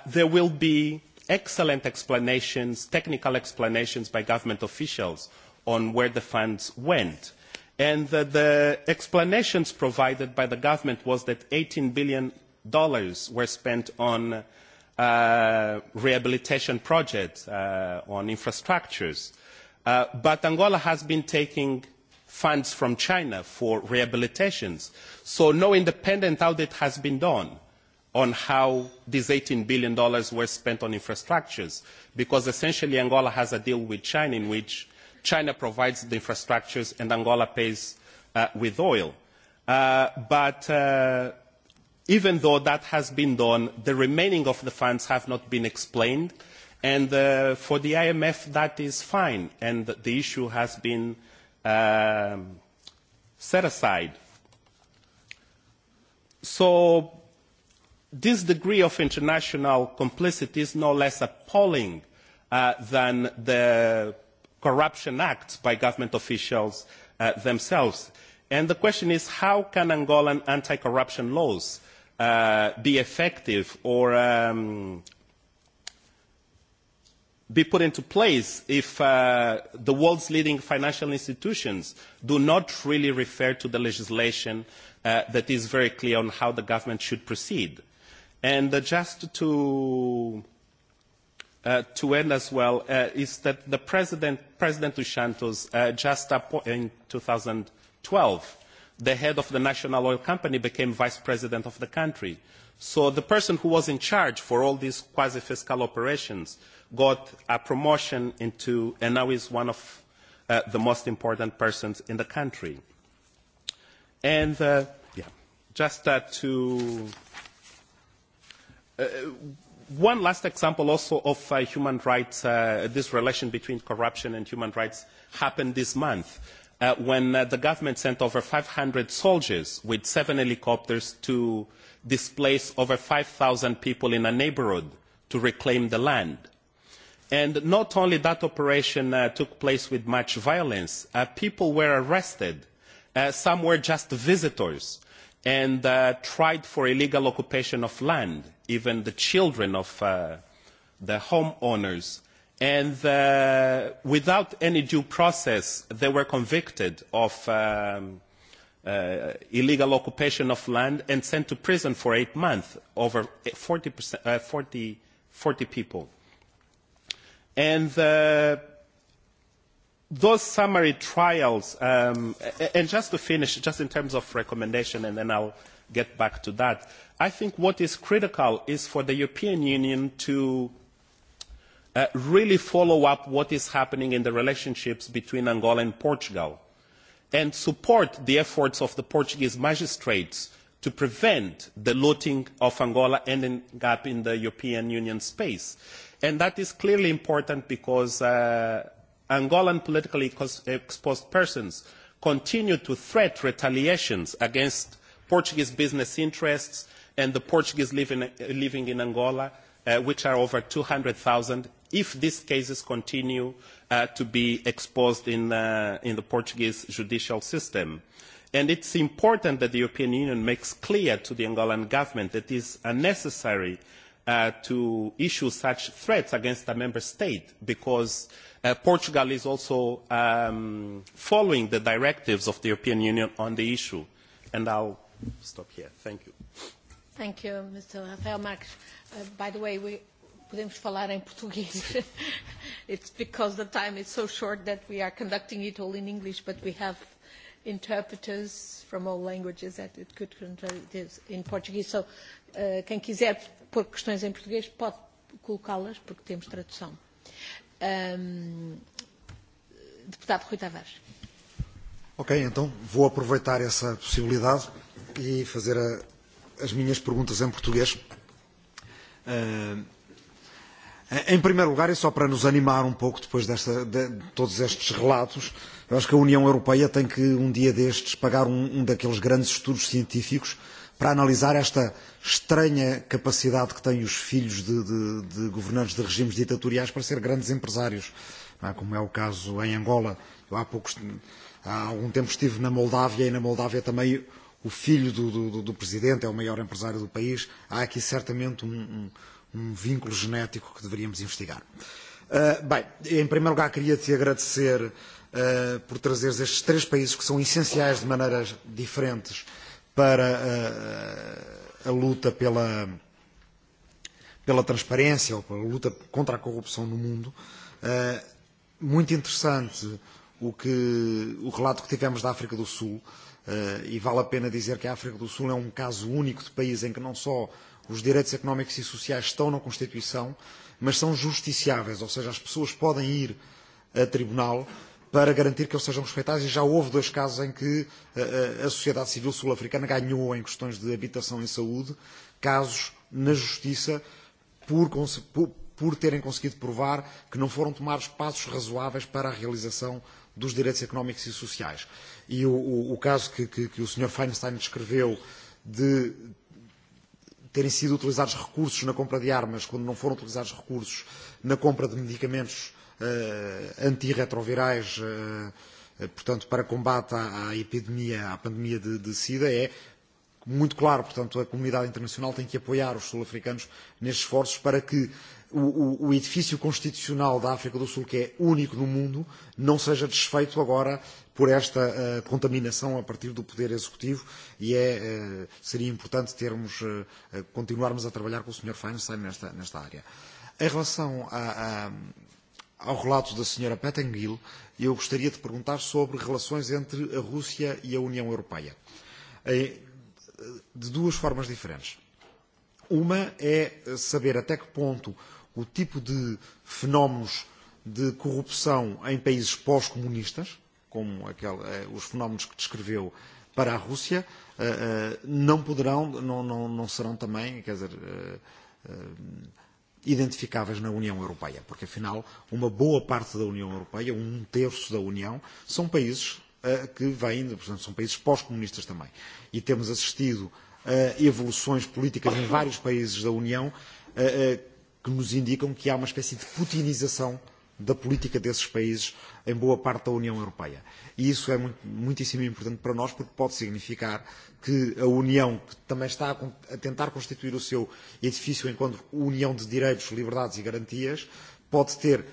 there will be excellent explanations, technical explanations by government officials on where the funds went and the explanations provided by the government was that 18 billion dollars were spent on rehabilitation projects on infrastructures but angola has been taking funds from china for rehabilitations so no independent audit has been done on how these 18 billion dollars were spent on infrastructures because essentially angola has a deal with china in which China provides the infrastructures and Angola pays with oil. But even though that has been done, the remaining of the funds have not been explained. And for the IMF, that is fine. And the issue has been set aside. So this degree of international complicity is no less appalling than the corruption acts by government officials themselves. And the question is, how can Angolan anti-corruption laws be effective or be put into place if the world's leading financial institutions do not really refer to the legislation that is very clear on how the government should proceed? And just to to end as well is that the President, President Santos, just in 2012, the head of the national oil company became vice president of the country. So the person who was in charge for all these quasi-fiscal operations got a promotion into, and now is one of the most important persons in the country. And just to One last example also of human rights, this relation between corruption and human rights happened this month when the government sent over 500 soldiers with seven helicopters to displace over 5,000 people in a neighborhood to reclaim the land. And not only that operation took place with much violence, people were arrested. Some were just visitors and tried for illegal occupation of land even the children of the homeowners. And without any due process, they were convicted of illegal occupation of land and sent to prison for eight months, over 40 people. And those summary trials, and just to finish, just in terms of recommendation, and then I'll get back to that. I think what is critical is for the European Union to really follow up what is happening in the relationships between Angola and Portugal and support the efforts of the Portuguese magistrates to prevent the looting of Angola ending up in the European Union space. And that is clearly important because Angolan politically exposed persons continue to threat retaliations against Portuguese business interests and the Portuguese living in Angola, which are over 200,000, if these cases continue to be exposed in the Portuguese judicial system. And it's important that the European Union makes clear to the Angolan government that it is unnecessary to issue such threats against a member state because Portugal is also following the directives of the European Union on the issue. And I'll stop here. Thank you. Thank you, Mr. Rafael Marques. By the way, we podemos falar em português. It's because the time is so short that we are conducting it all in English, but we have interpreters from all languages that it could translate in Portuguese. So, quem quiser pôr questões em português pode colocá-las, porque temos tradução. Deputado Rui Tavares. Ok, então vou aproveitar essa possibilidade e fazer as minhas perguntas em português. Em primeiro lugar, e só para nos animar um pouco depois de todos estes relatos, eu acho que a União Europeia tem que, um dia destes, pagar um daqueles grandes estudos científicos para analisar esta estranha capacidade que têm os filhos de governantes de regimes ditatoriais para ser grandes empresários, como é o caso em Angola. Eu há poucos há algum tempo estive na Moldávia e na Moldávia também o filho do, do, presidente é o maior empresário do país, há aqui certamente um, vínculo genético que deveríamos investigar. bem, em primeiro lugar queria te agradecer por trazeres estes três países que são essenciais de maneiras diferentes para a luta pela, pela transparência ou pela luta contra a corrupção no mundo. Muito interessante o, que, o relato que tivemos da África do Sul e vale a pena dizer que a África do Sul é um caso único de país em que não só os direitos económicos e sociais estão na Constituição, mas são justiciáveis, ou seja, as pessoas podem ir a tribunal para garantir que eles sejam respeitados. E já houve dois casos em que a sociedade civil sul-africana ganhou em questões de habitação e saúde, casos na justiça, por terem conseguido provar que não foram tomados passos razoáveis para a realização dos direitos económicos e sociais. E o caso que o Sr. Feinstein descreveu de terem sido utilizados recursos na compra de armas quando não foram utilizados recursos na compra de medicamentos antirretrovirais, portanto, para combate à epidemia, à pandemia de SIDA, é muito claro. Portanto, a comunidade internacional tem que apoiar os sul-africanos nestes esforços para que o edifício constitucional da África do Sul, que é único no mundo, não seja desfeito agora por esta contaminação a partir do poder executivo e é seria importante termos continuarmos a trabalhar com o Sr. Feinstein nesta nesta área. Em relação ao relato da Sra. Pettengill, eu gostaria de perguntar sobre relações entre a Rússia e a União Europeia, de duas formas diferentes. Uma é saber até que ponto o tipo de fenómenos de corrupção em países pós-comunistas, como os fenómenos que descreveu para a Rússia, não poderão, não serão também, quer dizer, identificáveis na União Europeia, porque afinal uma boa parte da União Europeia, um terço da União, são países que vêm, portanto, são países pós-comunistas também. E temos assistido a evoluções políticas em vários países da União que nos indicam que há uma espécie de putinização da política desses países em boa parte da União Europeia. E isso é muitíssimo importante para nós, porque pode significar que a União, que também está a tentar constituir o seu edifício enquanto União de Direitos, Liberdades e Garantias, pode ter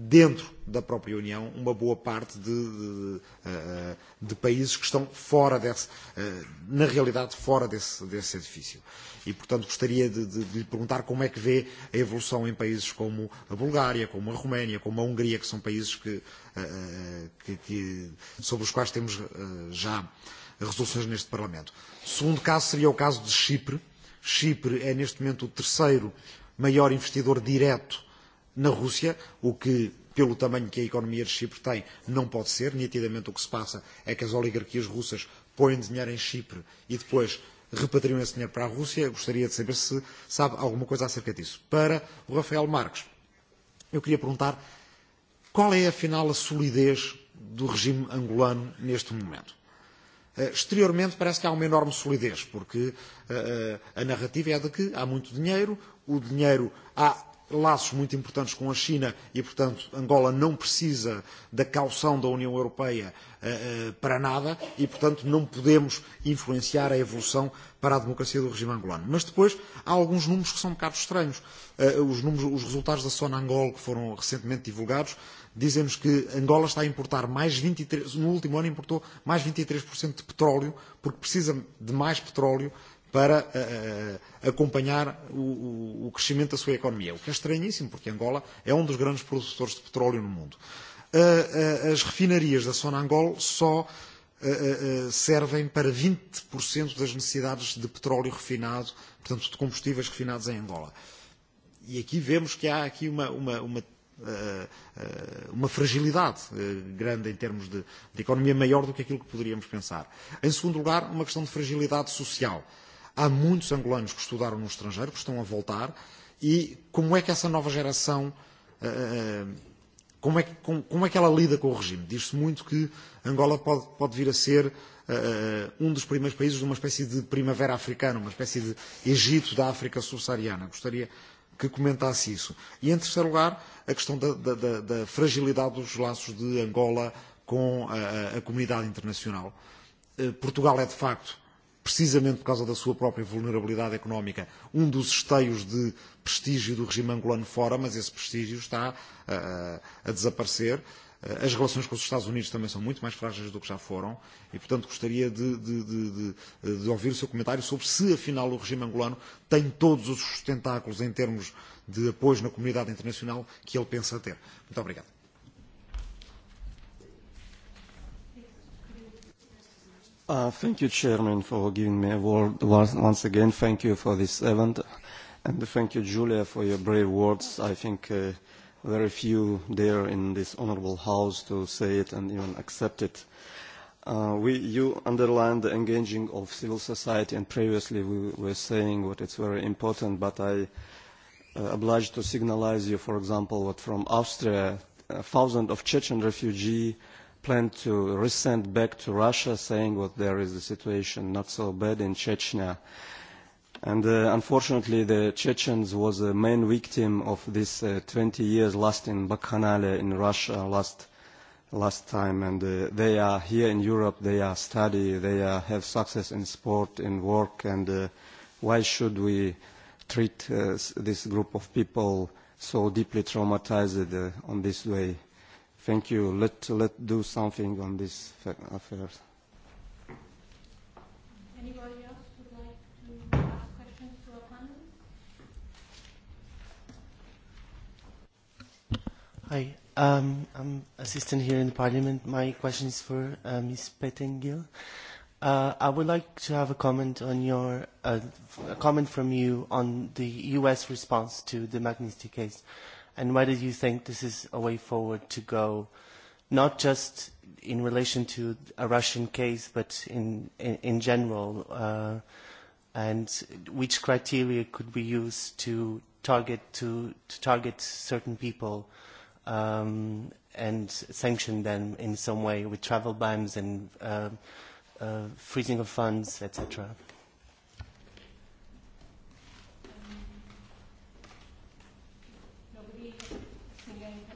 dentro da própria União uma boa parte de países que estão fora desse, na realidade fora desse edifício. E, portanto, gostaria de lhe perguntar como é que vê a evolução em países como a Bulgária, como a Roménia, como a Hungria, que são países que sobre os quais temos já resoluções neste Parlamento. O segundo caso seria o caso de Chipre. Chipre é, neste momento, o terceiro maior investidor direto na Rússia, o que, pelo tamanho que a economia de Chipre tem, não pode ser. Nitidamente o que se passa é que as oligarquias russas põem dinheiro em Chipre e depois repatriam esse dinheiro para a Rússia. Gostaria de saber se sabe alguma coisa acerca disso. Para o Rafael Marques, eu queria perguntar qual é, afinal, a solidez do regime angolano neste momento. Exteriormente parece que há uma enorme solidez, porque a narrativa é de que há muito dinheiro, o dinheiro há laços muito importantes com a China e, portanto, Angola não precisa da caução da União Europeia para nada e, portanto, não podemos influenciar a evolução para a democracia do regime angolano. Mas depois há alguns números que são um bocado estranhos. Os resultados da Sona Angola, que foram recentemente divulgados, dizem que Angola está a importar mais 23, no último ano importou mais 23% de petróleo, porque precisa de mais petróleo para acompanhar o crescimento da sua economia. O que é estranhíssimo, porque Angola é um dos grandes produtores de petróleo no mundo. As refinarias da zona Angola só servem para 20% das necessidades de petróleo refinado, portanto, de combustíveis refinados em Angola. E aqui vemos que há aqui uma uma fragilidade grande em termos de economia maior do que aquilo que poderíamos pensar. Em segundo lugar, uma questão de fragilidade social há muitos angolanos que estudaram no estrangeiro, que estão a voltar, e como é que essa nova geração, como é, como, é que ela lida com o regime? Diz-se muito que Angola pode, pode vir a ser um dos primeiros países de uma espécie de primavera africana, uma espécie de Egito da África subsaariana. Gostaria que comentasse isso. E, em terceiro lugar, a questão da, da, da fragilidade dos laços de Angola com a, a comunidade internacional. Portugal é, de facto, precisamente por causa da sua própria vulnerabilidade económica, um dos esteios de prestígio do regime angolano fora, mas esse prestígio está a desaparecer. As relações com os Estados Unidos também são muito mais frágeis do que já foram e, portanto, gostaria de ouvir o seu comentário sobre se, afinal, o regime angolano tem todos os sustentáculos em termos de apoio na comunidade internacional que ele pensa ter. Muito obrigado. Thank you, Chairman, for giving me a word. Once again, thank you for this event. And thank you, Julia, for your brave words. I think very few dare in this honorable house to say it and even accept it. You underlined the engaging of civil society, and previously we were saying what it's very important, but I obliged to signalize you, for example, what from Austria, thousands of Chechen refugees plan to resend back to Russia, saying that there is a situation not so bad in Chechnya. And unfortunately, the Chechens was the main victim of this 20 years last in Bacchanale in Russia last last time. And they are here in Europe, they are study, they have success in sport, in work. And why should we treat this group of people so deeply traumatized on this way? Thank you. Let let do something on this affair. Anybody else would like to ask questions to panel? Hi, um, I'm assistant here in the Parliament. My question is for uh, Ms. Pettengill. Uh, I would like to have a comment on your uh, a comment from you on the U.S. response to the Magnitsky case and whether you think this is a way forward to go, not just in relation to a Russian case, but in in general, and which criteria could be use to target to target certain people and sanction them in some way with travel bans and freezing of funds, etc.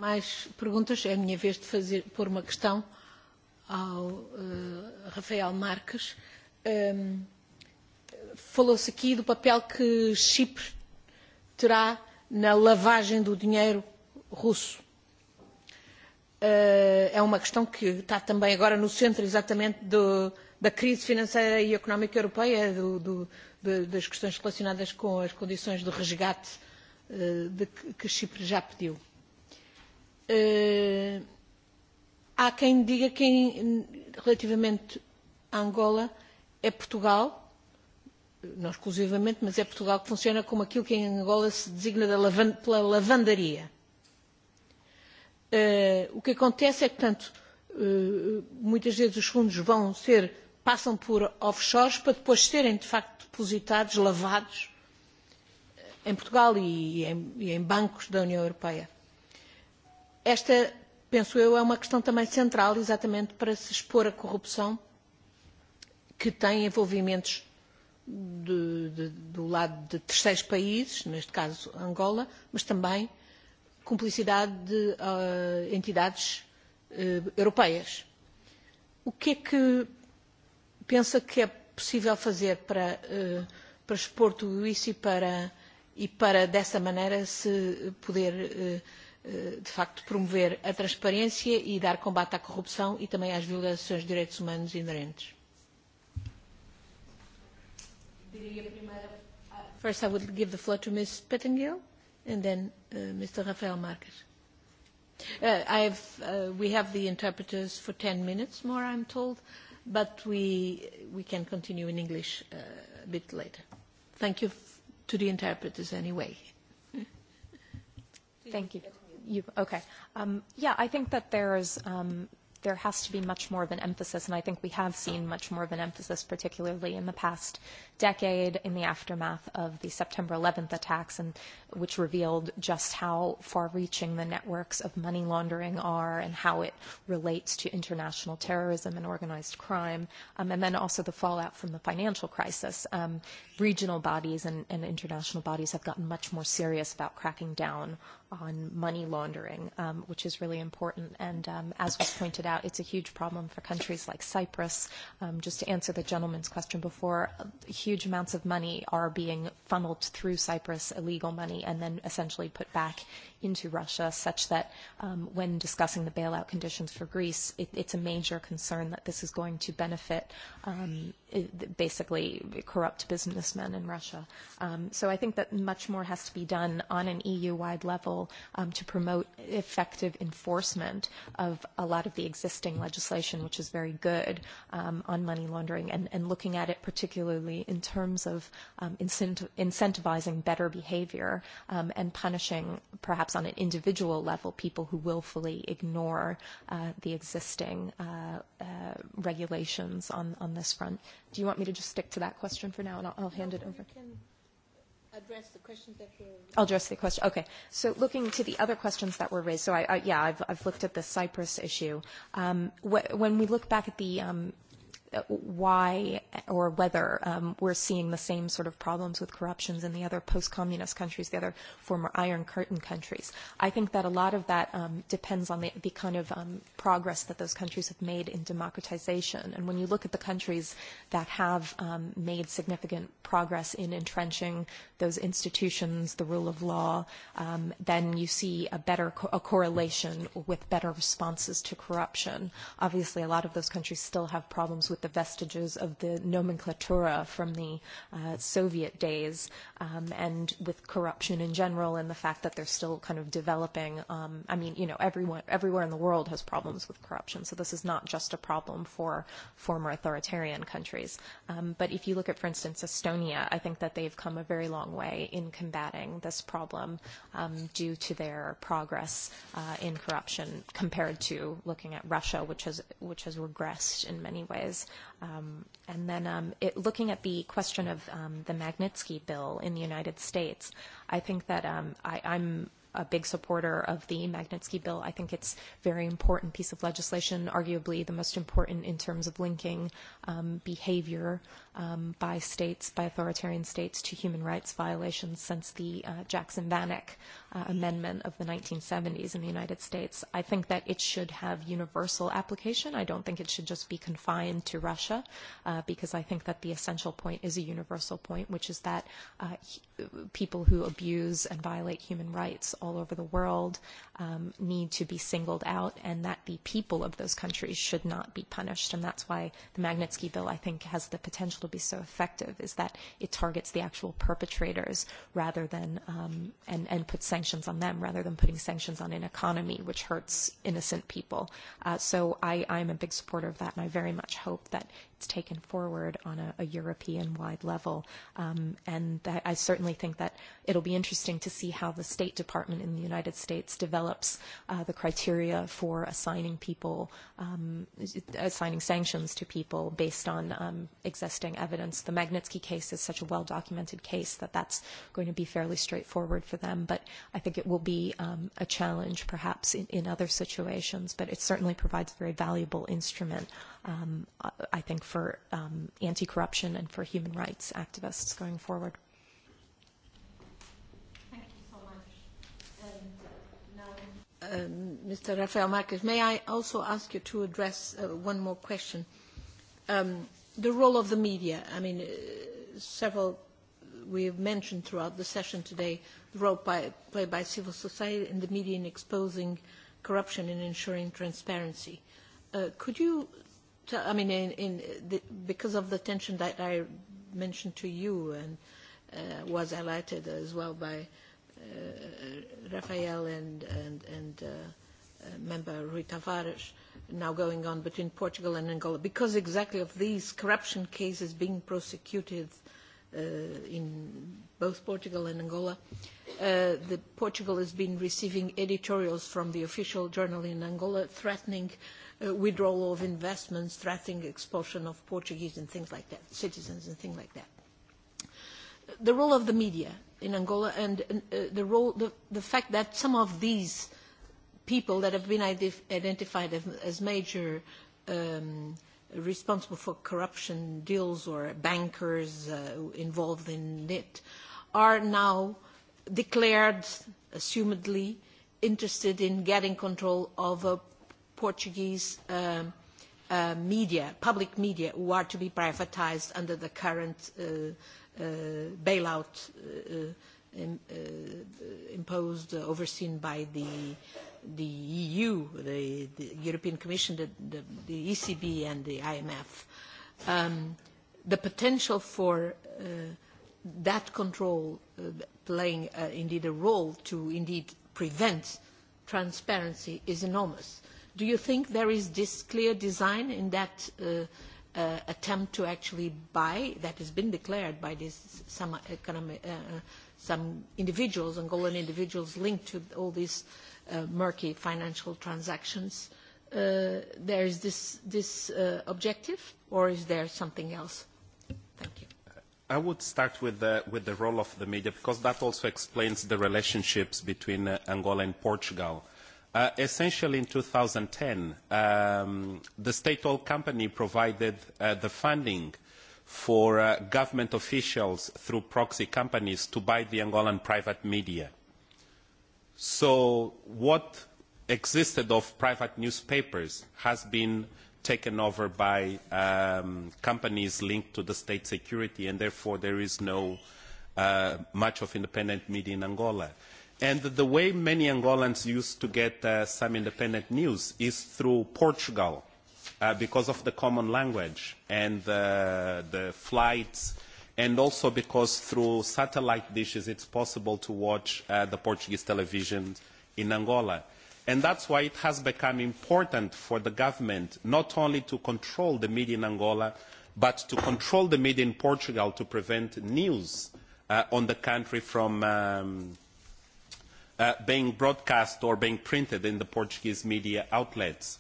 mais perguntas. É a minha vez de fazer, pôr uma questão ao Rafael Marques. Falou-se aqui do papel que Chipre terá na lavagem do dinheiro russo. É uma questão que está também agora no centro exatamente da crise financeira e económica europeia, das questões relacionadas com as condições de resgate que Chipre já pediu há quem diga que relativamente a Angola é Portugal, não exclusivamente, mas é Portugal que funciona como aquilo que em Angola se designa pela lavandaria. O que acontece é que, portanto, muitas vezes os fundos vão ser, passam por offshores para depois serem, de facto, depositados, lavados em Portugal e em bancos da União Europeia. Esta, penso eu, é uma questão também central, exatamente para se expor a corrupção que tem envolvimentos do lado de terceiros países, neste caso Angola, mas também cumplicidade de entidades europeias. O que é que pensa que é possível fazer para expor tudo isso e para, dessa maneira, se poder de facto, promover a transparência e dar combate à corrupção e também às violações de direitos humanos inerentes. First, I would give the floor to Ms. Pettengill and then Mr. Rafael Marques. We have the interpreters for 10 minutes more, I'm told, but we can continue in English a bit later. Thank you to the interpreters anyway. Thank you. You, okay. Um, yeah, I think that there um, there has to be much more of an emphasis, and I think we have seen much more of an emphasis, particularly in the past decade, in the aftermath of the September 11th attacks, and which revealed just how far-reaching the networks of money laundering are and how it relates to international terrorism and organized crime, and then also the fallout from the financial crisis. Regional bodies and international bodies have gotten much more serious about cracking down on money laundering, which is really important. And as was pointed out, it's a huge problem for countries like Cyprus. Just to answer the gentleman's question before, huge amounts of money are being funneled through Cyprus, illegal money, and then essentially put back into Russia, such that when discussing the bailout conditions for Greece, it's a major concern that this is going to benefit basically corrupt businessmen in Russia. So I think that much more has to be done on an EU-wide level to promote effective enforcement of a lot of the existing legislation, which is very good on money laundering, and looking at it particularly in terms of incentivizing better behavior and punishing perhaps on an individual level, people who willfully ignore the existing regulations on this front. Do you want me to just stick to that question for now, and I'll hand it over? address the questions that I'll address the question. Okay. So looking to the other questions that were raised, so yeah, I've, I've looked at the Cyprus issue. when we look back at the why or whether we're seeing the same sort of problems with corruptions in the other post-communist countries, the other former Iron Curtain countries. I think that a lot of that depends on the kind of progress that those countries have made in democratization. And when you look at the countries that have made significant progress in entrenching those institutions, the rule of law, then you see a better a correlation with better responses to corruption. Obviously, a lot of those countries still have problems with the vestiges of the nomenclatura from the Soviet days and with corruption in general and the fact that they're still kind of developing. I mean, you know, everyone everywhere in the world has problems with corruption, so this is not just a problem for former authoritarian countries. But if you look at, for instance, Estonia, I think that they've come a very long way in combating this problem due to their progress in corruption compared to looking at Russia, which has which has regressed in many ways. And then looking at the question of the Magnitsky bill in the United States, I think that I'm a big supporter of the Magnitsky Bill. I think it's a very important piece of legislation, arguably the most important in terms of linking behavior by states, by authoritarian states, to human rights violations since the Jackson-Vanik amendment of the 1970s in the United States. I think that it should have universal application. I don't think it should just be confined to Russia because I think that the essential point is a universal point, which is that people who abuse and violate human rights all over the world need to be singled out and that the people of those countries should not be punished. And that's why the Magnitsky Bill, I think, has the potential to be so effective, is that it targets the actual perpetrators rather than and, and puts sanctions on them rather than putting sanctions on an economy which hurts innocent people. so I, I'm a big supporter of that, and I very much hope that taken forward on a European-wide level. And I certainly think that it'll be interesting to see how the State Department in the United States develops the criteria for assigning people, assigning sanctions to people based on existing evidence. The Magnitsky case is such a well-documented case that that's going to be fairly straightforward for them. But I think it will be a challenge perhaps in other situations. But it certainly provides a very valuable instrument, I think, for anti-corruption and for human rights activists going forward. Thank you Mr. Rafael Marquez, may I also ask you to address one more question? The role of the media. I mean, several we have mentioned throughout the session today the role played by civil society and the media in exposing corruption and ensuring transparency. Could you I mean, in because of the tension that I mentioned to you and was highlighted as well by Rafael and and member Rui Tavares, now going on between Portugal and Angola, because exactly of these corruption cases being prosecuted in both Portugal and Angola, the Portugal has been receiving editorials from the official journal in Angola threatening withdrawal of investments, threatening expulsion of Portuguese and things like that, citizens and things like that. The role of the media in Angola and the role, the fact that some of these people that have been identified as major responsible for corruption deals or bankers involved in it are now declared, assumedly, interested in getting control of a Portuguese media, public media, who are to be privatised under the current bailout imposed, overseen by the EU, the European Commission, the ECB and the IMF. The potential for that control playing indeed a role to indeed prevent transparency is enormous Do you think there is this clear design in that attempt to actually buy, that has been declared by some individuals, Angolan individuals linked to all these murky financial transactions? There is this objective, or is there something else? Thank you. I would start with the role of the media, because that also explains the relationships between Angola and Portugal Essentially, in 2010, the state owned company provided the funding for government officials through proxy companies to buy the Angolan private media. So what existed of private newspapers has been taken over by companies linked to the state security, and therefore there is no much of independent media in Angola. And the way many Angolans used to get some independent news is through Portugal, because of the common language and the flights, and also because through satellite dishes it's possible to watch the Portuguese television in Angola. And that's why it has become important for the government not only to control the media in Angola, but to control the media in Portugal to prevent news on the country from being broadcast or being printed in the Portuguese media outlets.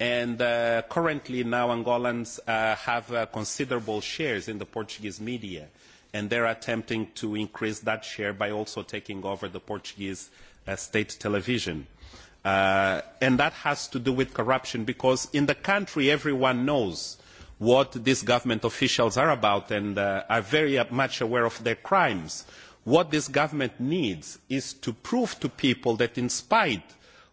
And currently now Angolans have considerable shares in the Portuguese media and they are attempting to increase that share by also taking over the Portuguese state television. And that has to do with corruption because in the country everyone knows what these government officials are about and are very much aware of their crimes What this government needs is to prove to people that in spite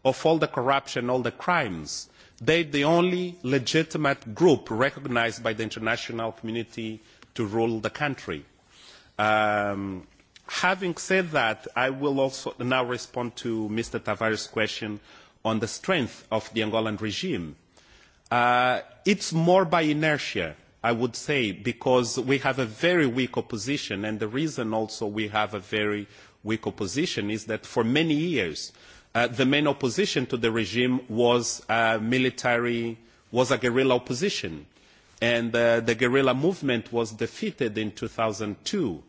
of all the corruption, all the crimes, they are the only legitimate group recognised by the international community to rule the country. Having said that, I will also now respond to Mr. Tavares' question on the strength of the Angolan regime. It's more by inertia I would say, because we have a very weak opposition, and the reason also we have a very weak opposition is that for many years the main opposition to the regime was a military, was a guerrilla opposition, and the guerrilla movement was defeated in 2002,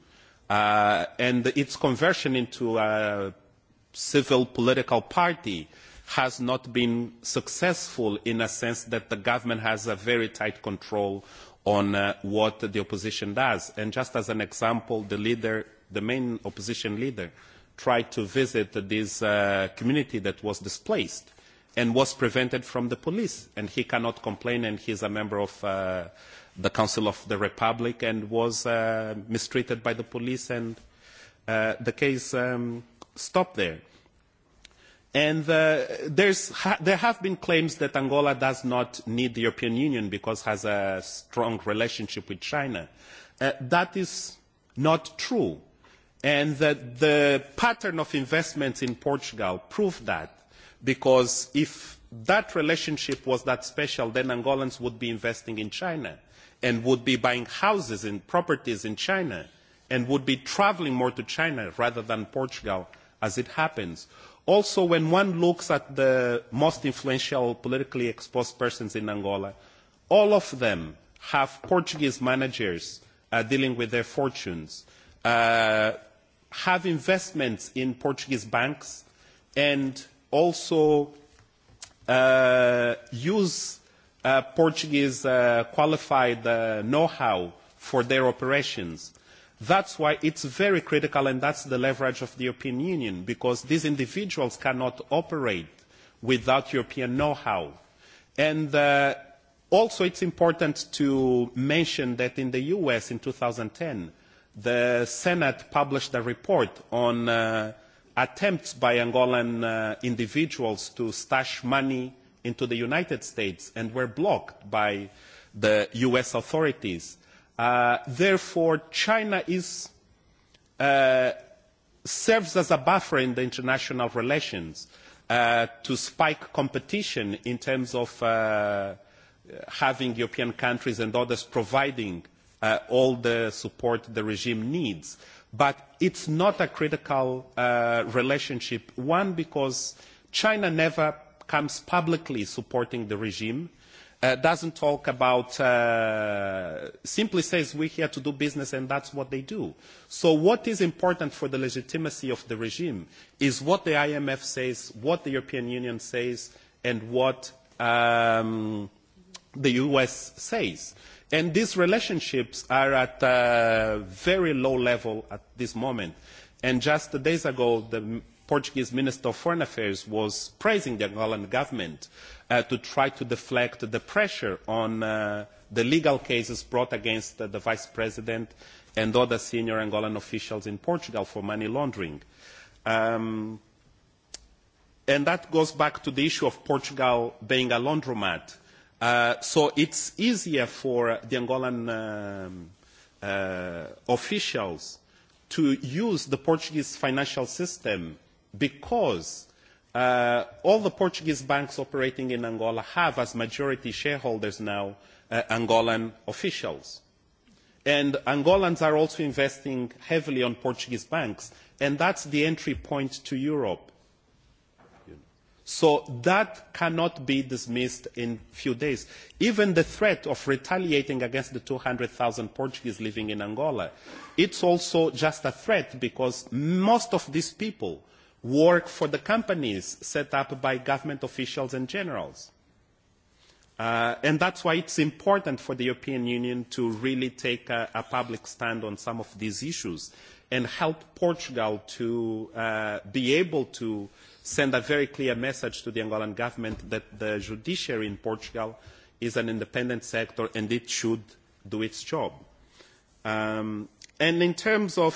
and its conversion into a civil political party has not been successful in a sense that the government has a very tight control on what the opposition does. And just as an example, the leader, the main opposition leader, tried to visit this community that was displaced and was prevented from the police. And he cannot complain, and he is a member of the Council of the Republic and was mistreated by the police, and the case stopped there. And there have been claims that Angola does not need the European Union because it has a strong relationship with China. That is not true. And the pattern of investments in Portugal proved that, because if that relationship was that special, then Angolans would be investing in China and would be buying houses and properties in China and would be travelling more to China rather than Portugal, as it happens. Also, when one looks at the most influential politically exposed persons in Angola, all of them have Portuguese managers dealing with their fortunes, have investments in Portuguese banks, and also use Portuguese qualified know-how for their operations. That's why it's very critical, and that's the leverage of the European Union, because these individuals cannot operate without European know-how. And also it's important to mention that in the US in 2010, the Senate published a report on attempts by Angolan individuals to stash money into the United States and were blocked by the US authorities. Therefore, China serves as a buffer in the international relations to spike competition in terms of having European countries and others providing all the support the regime needs. But it's not a critical relationship. One, because China never comes publicly supporting the regime doesn't talk about simply says we're here to do business and that's what they do. So what is important for the legitimacy of the regime is what the IMF says, what the European Union says, and what the US says. And these relationships are at a very low level at this moment. And just days ago, the Portuguese Minister of Foreign Affairs was praising the Angolan government to try to deflect the pressure on the legal cases brought against the Vice President and other senior Angolan officials in Portugal for money laundering. And that goes back to the issue of Portugal being a laundromat. So it's easier for the Angolan officials to use the Portuguese financial system because All the Portuguese banks operating in Angola have as majority shareholders now Angolan officials. And Angolans are also investing heavily on Portuguese banks, and that's the entry point to Europe. So that cannot be dismissed in a few days. Even the threat of retaliating against the 200,000 Portuguese living in Angola, it's also just a threat because most of these people work for the companies set up by government officials and generals. And that's why it's important for the European Union to really take a public stand on some of these issues and help Portugal to be able to send a very clear message to the Angolan government that the judiciary in Portugal is an independent sector and it should do its job. And in terms of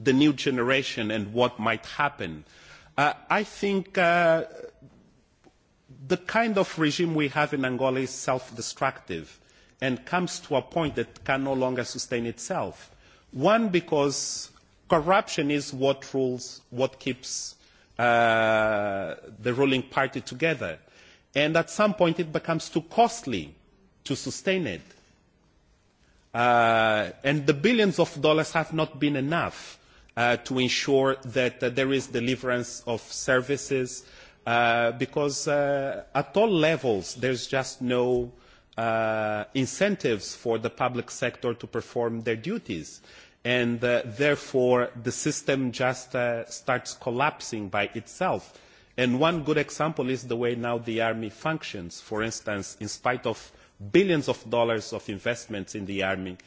the new generation and what might happen. I think the kind of regime we have in Angola is self-destructive and comes to a point that can no longer sustain itself. One, because corruption is what rules, what keeps the ruling party together. And at some point it becomes too costly to sustain it. And the billions of dollars have not been enough to ensure that there is deliverance of services because at all levels there there's just no incentives for the public sector to perform their duties and therefore the system just starts collapsing by itself. And one good example is the way now the army functions. For instance, in spite of billions of dollars of investments in the army,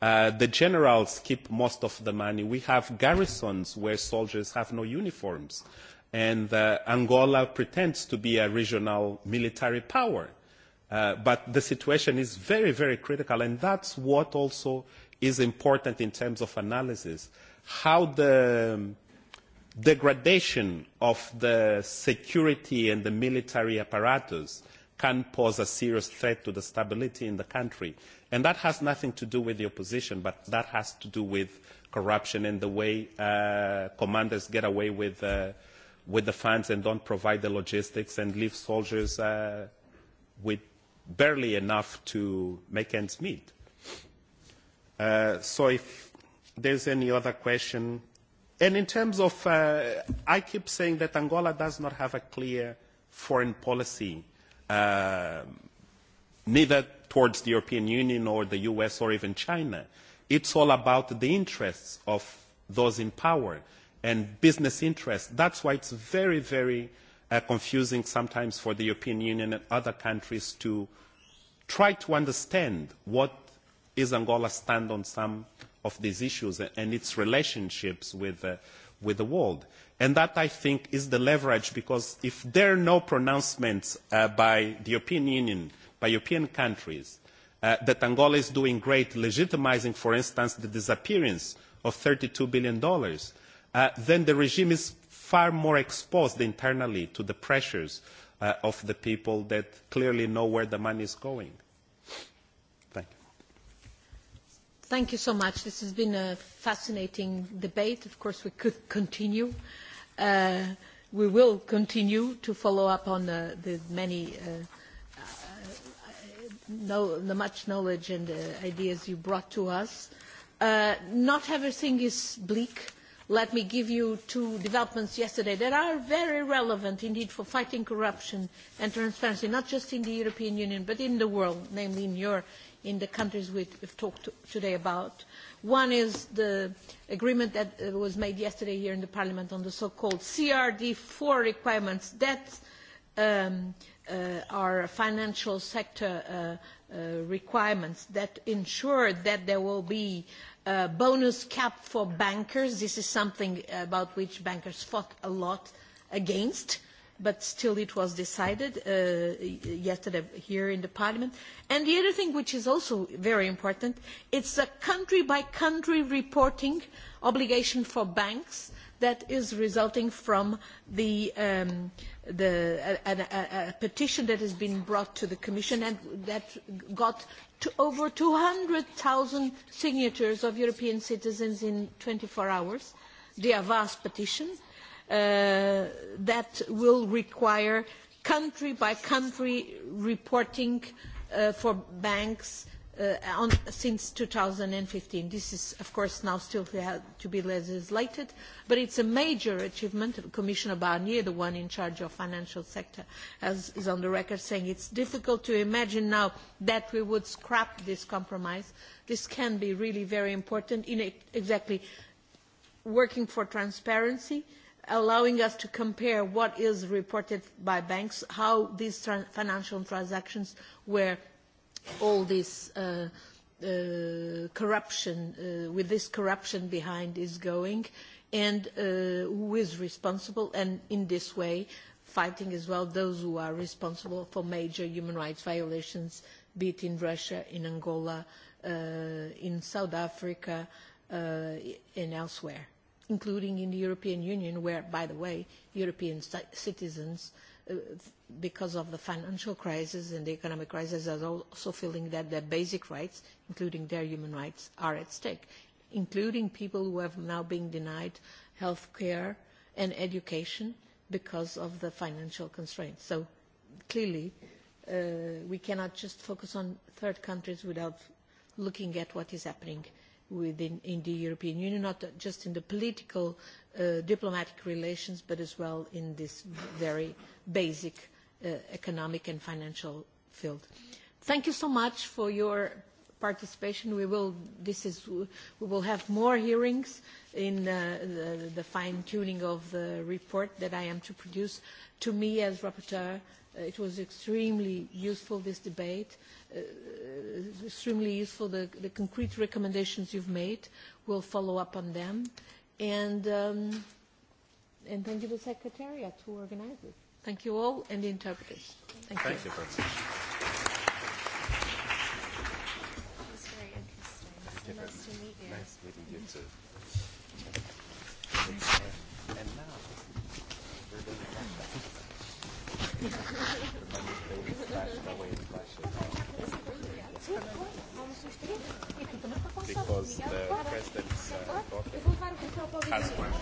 The generals keep most of the money. We have garrisons where soldiers have no uniforms. And Angola pretends to be a regional military power. But the situation is very, very critical. And that's what also is important in terms of analysis. How the degradation of the security and the military apparatus can pose a serious threat to the stability in the country. And that has nothing to do with the opposition, but that has to do with corruption and the way commanders get away with the funds and don't provide the logistics and leave soldiers with barely enough to make ends meet. So if there's any other question. And in terms of, I keep saying that Angola does not have a clear foreign policy neither towards the European Union or the US or even China. It's all about the interests of those in power and business interests. That's why it's very, very confusing sometimes for the European Union and other countries to try to understand what is Angola's stand on some of these issues and its relationships with with the world. And that, I think, is the leverage, because if there are no pronouncements by the European Union, by European countries, that Angola is doing great, legitimising, for instance, the disappearance of thirty two billion, then the regime is far more exposed internally to the pressures of the people that clearly know where the money is going. Thank you so much. This has been a fascinating debate. Of course, we could continue. We will continue to follow up on the many the much knowledge and ideas you brought to us. Not everything is bleak. Let me give you two developments yesterday that are very relevant indeed for fighting corruption and transparency, not just in the European Union but in the world, namely in your in the countries we've talked today about. One is the agreement that was made yesterday here in the Parliament on the so-called CRD4 requirements that are financial sector requirements that ensure that there will be a bonus cap for bankers. This is something about which bankers fought a lot against but still it was decided yesterday here in the Parliament. And the other thing which is also very important, it's a country-by-country reporting obligation for banks that is resulting from a petition that has been brought to the Commission and that got over 200,000 signatures of European citizens in 24 hours, the vast petition that will require country by country reporting for banks since 2015. This is, of course, now still to be legislated, but it's a major achievement. Commissioner Barnier, the one in charge of financial sector, is on the record saying it's difficult to imagine now that we would scrap this compromise. This can be really very important in exactly working for transparency allowing us to compare what is reported by banks, how these financial transactions where all this corruption, with this corruption behind is going and who is responsible and in this way fighting as well those who are responsible for major human rights violations, be it in Russia, in Angola, in South Africa and elsewhere including in the European Union, where, by the way, European citizens, because of the financial crisis and the economic crisis, are also feeling that their basic rights, including their human rights, are at stake, including people who have now been denied health care and education because of the financial constraints. So clearly, we cannot just focus on third countries without looking at what is happening within the European Union, not just in the political diplomatic relations, but as well in this very basic economic and financial field. Thank you so much for your participation. We will have more hearings in the fine-tuning of the report that I am to produce. To me, as rapporteur, It was extremely useful, this debate, extremely useful, the concrete recommendations you've made. We'll follow up on them. And and thank you to the Secretariat who organized it. Thank you all and the interpreters. Thank you. very much. Because the president's has one.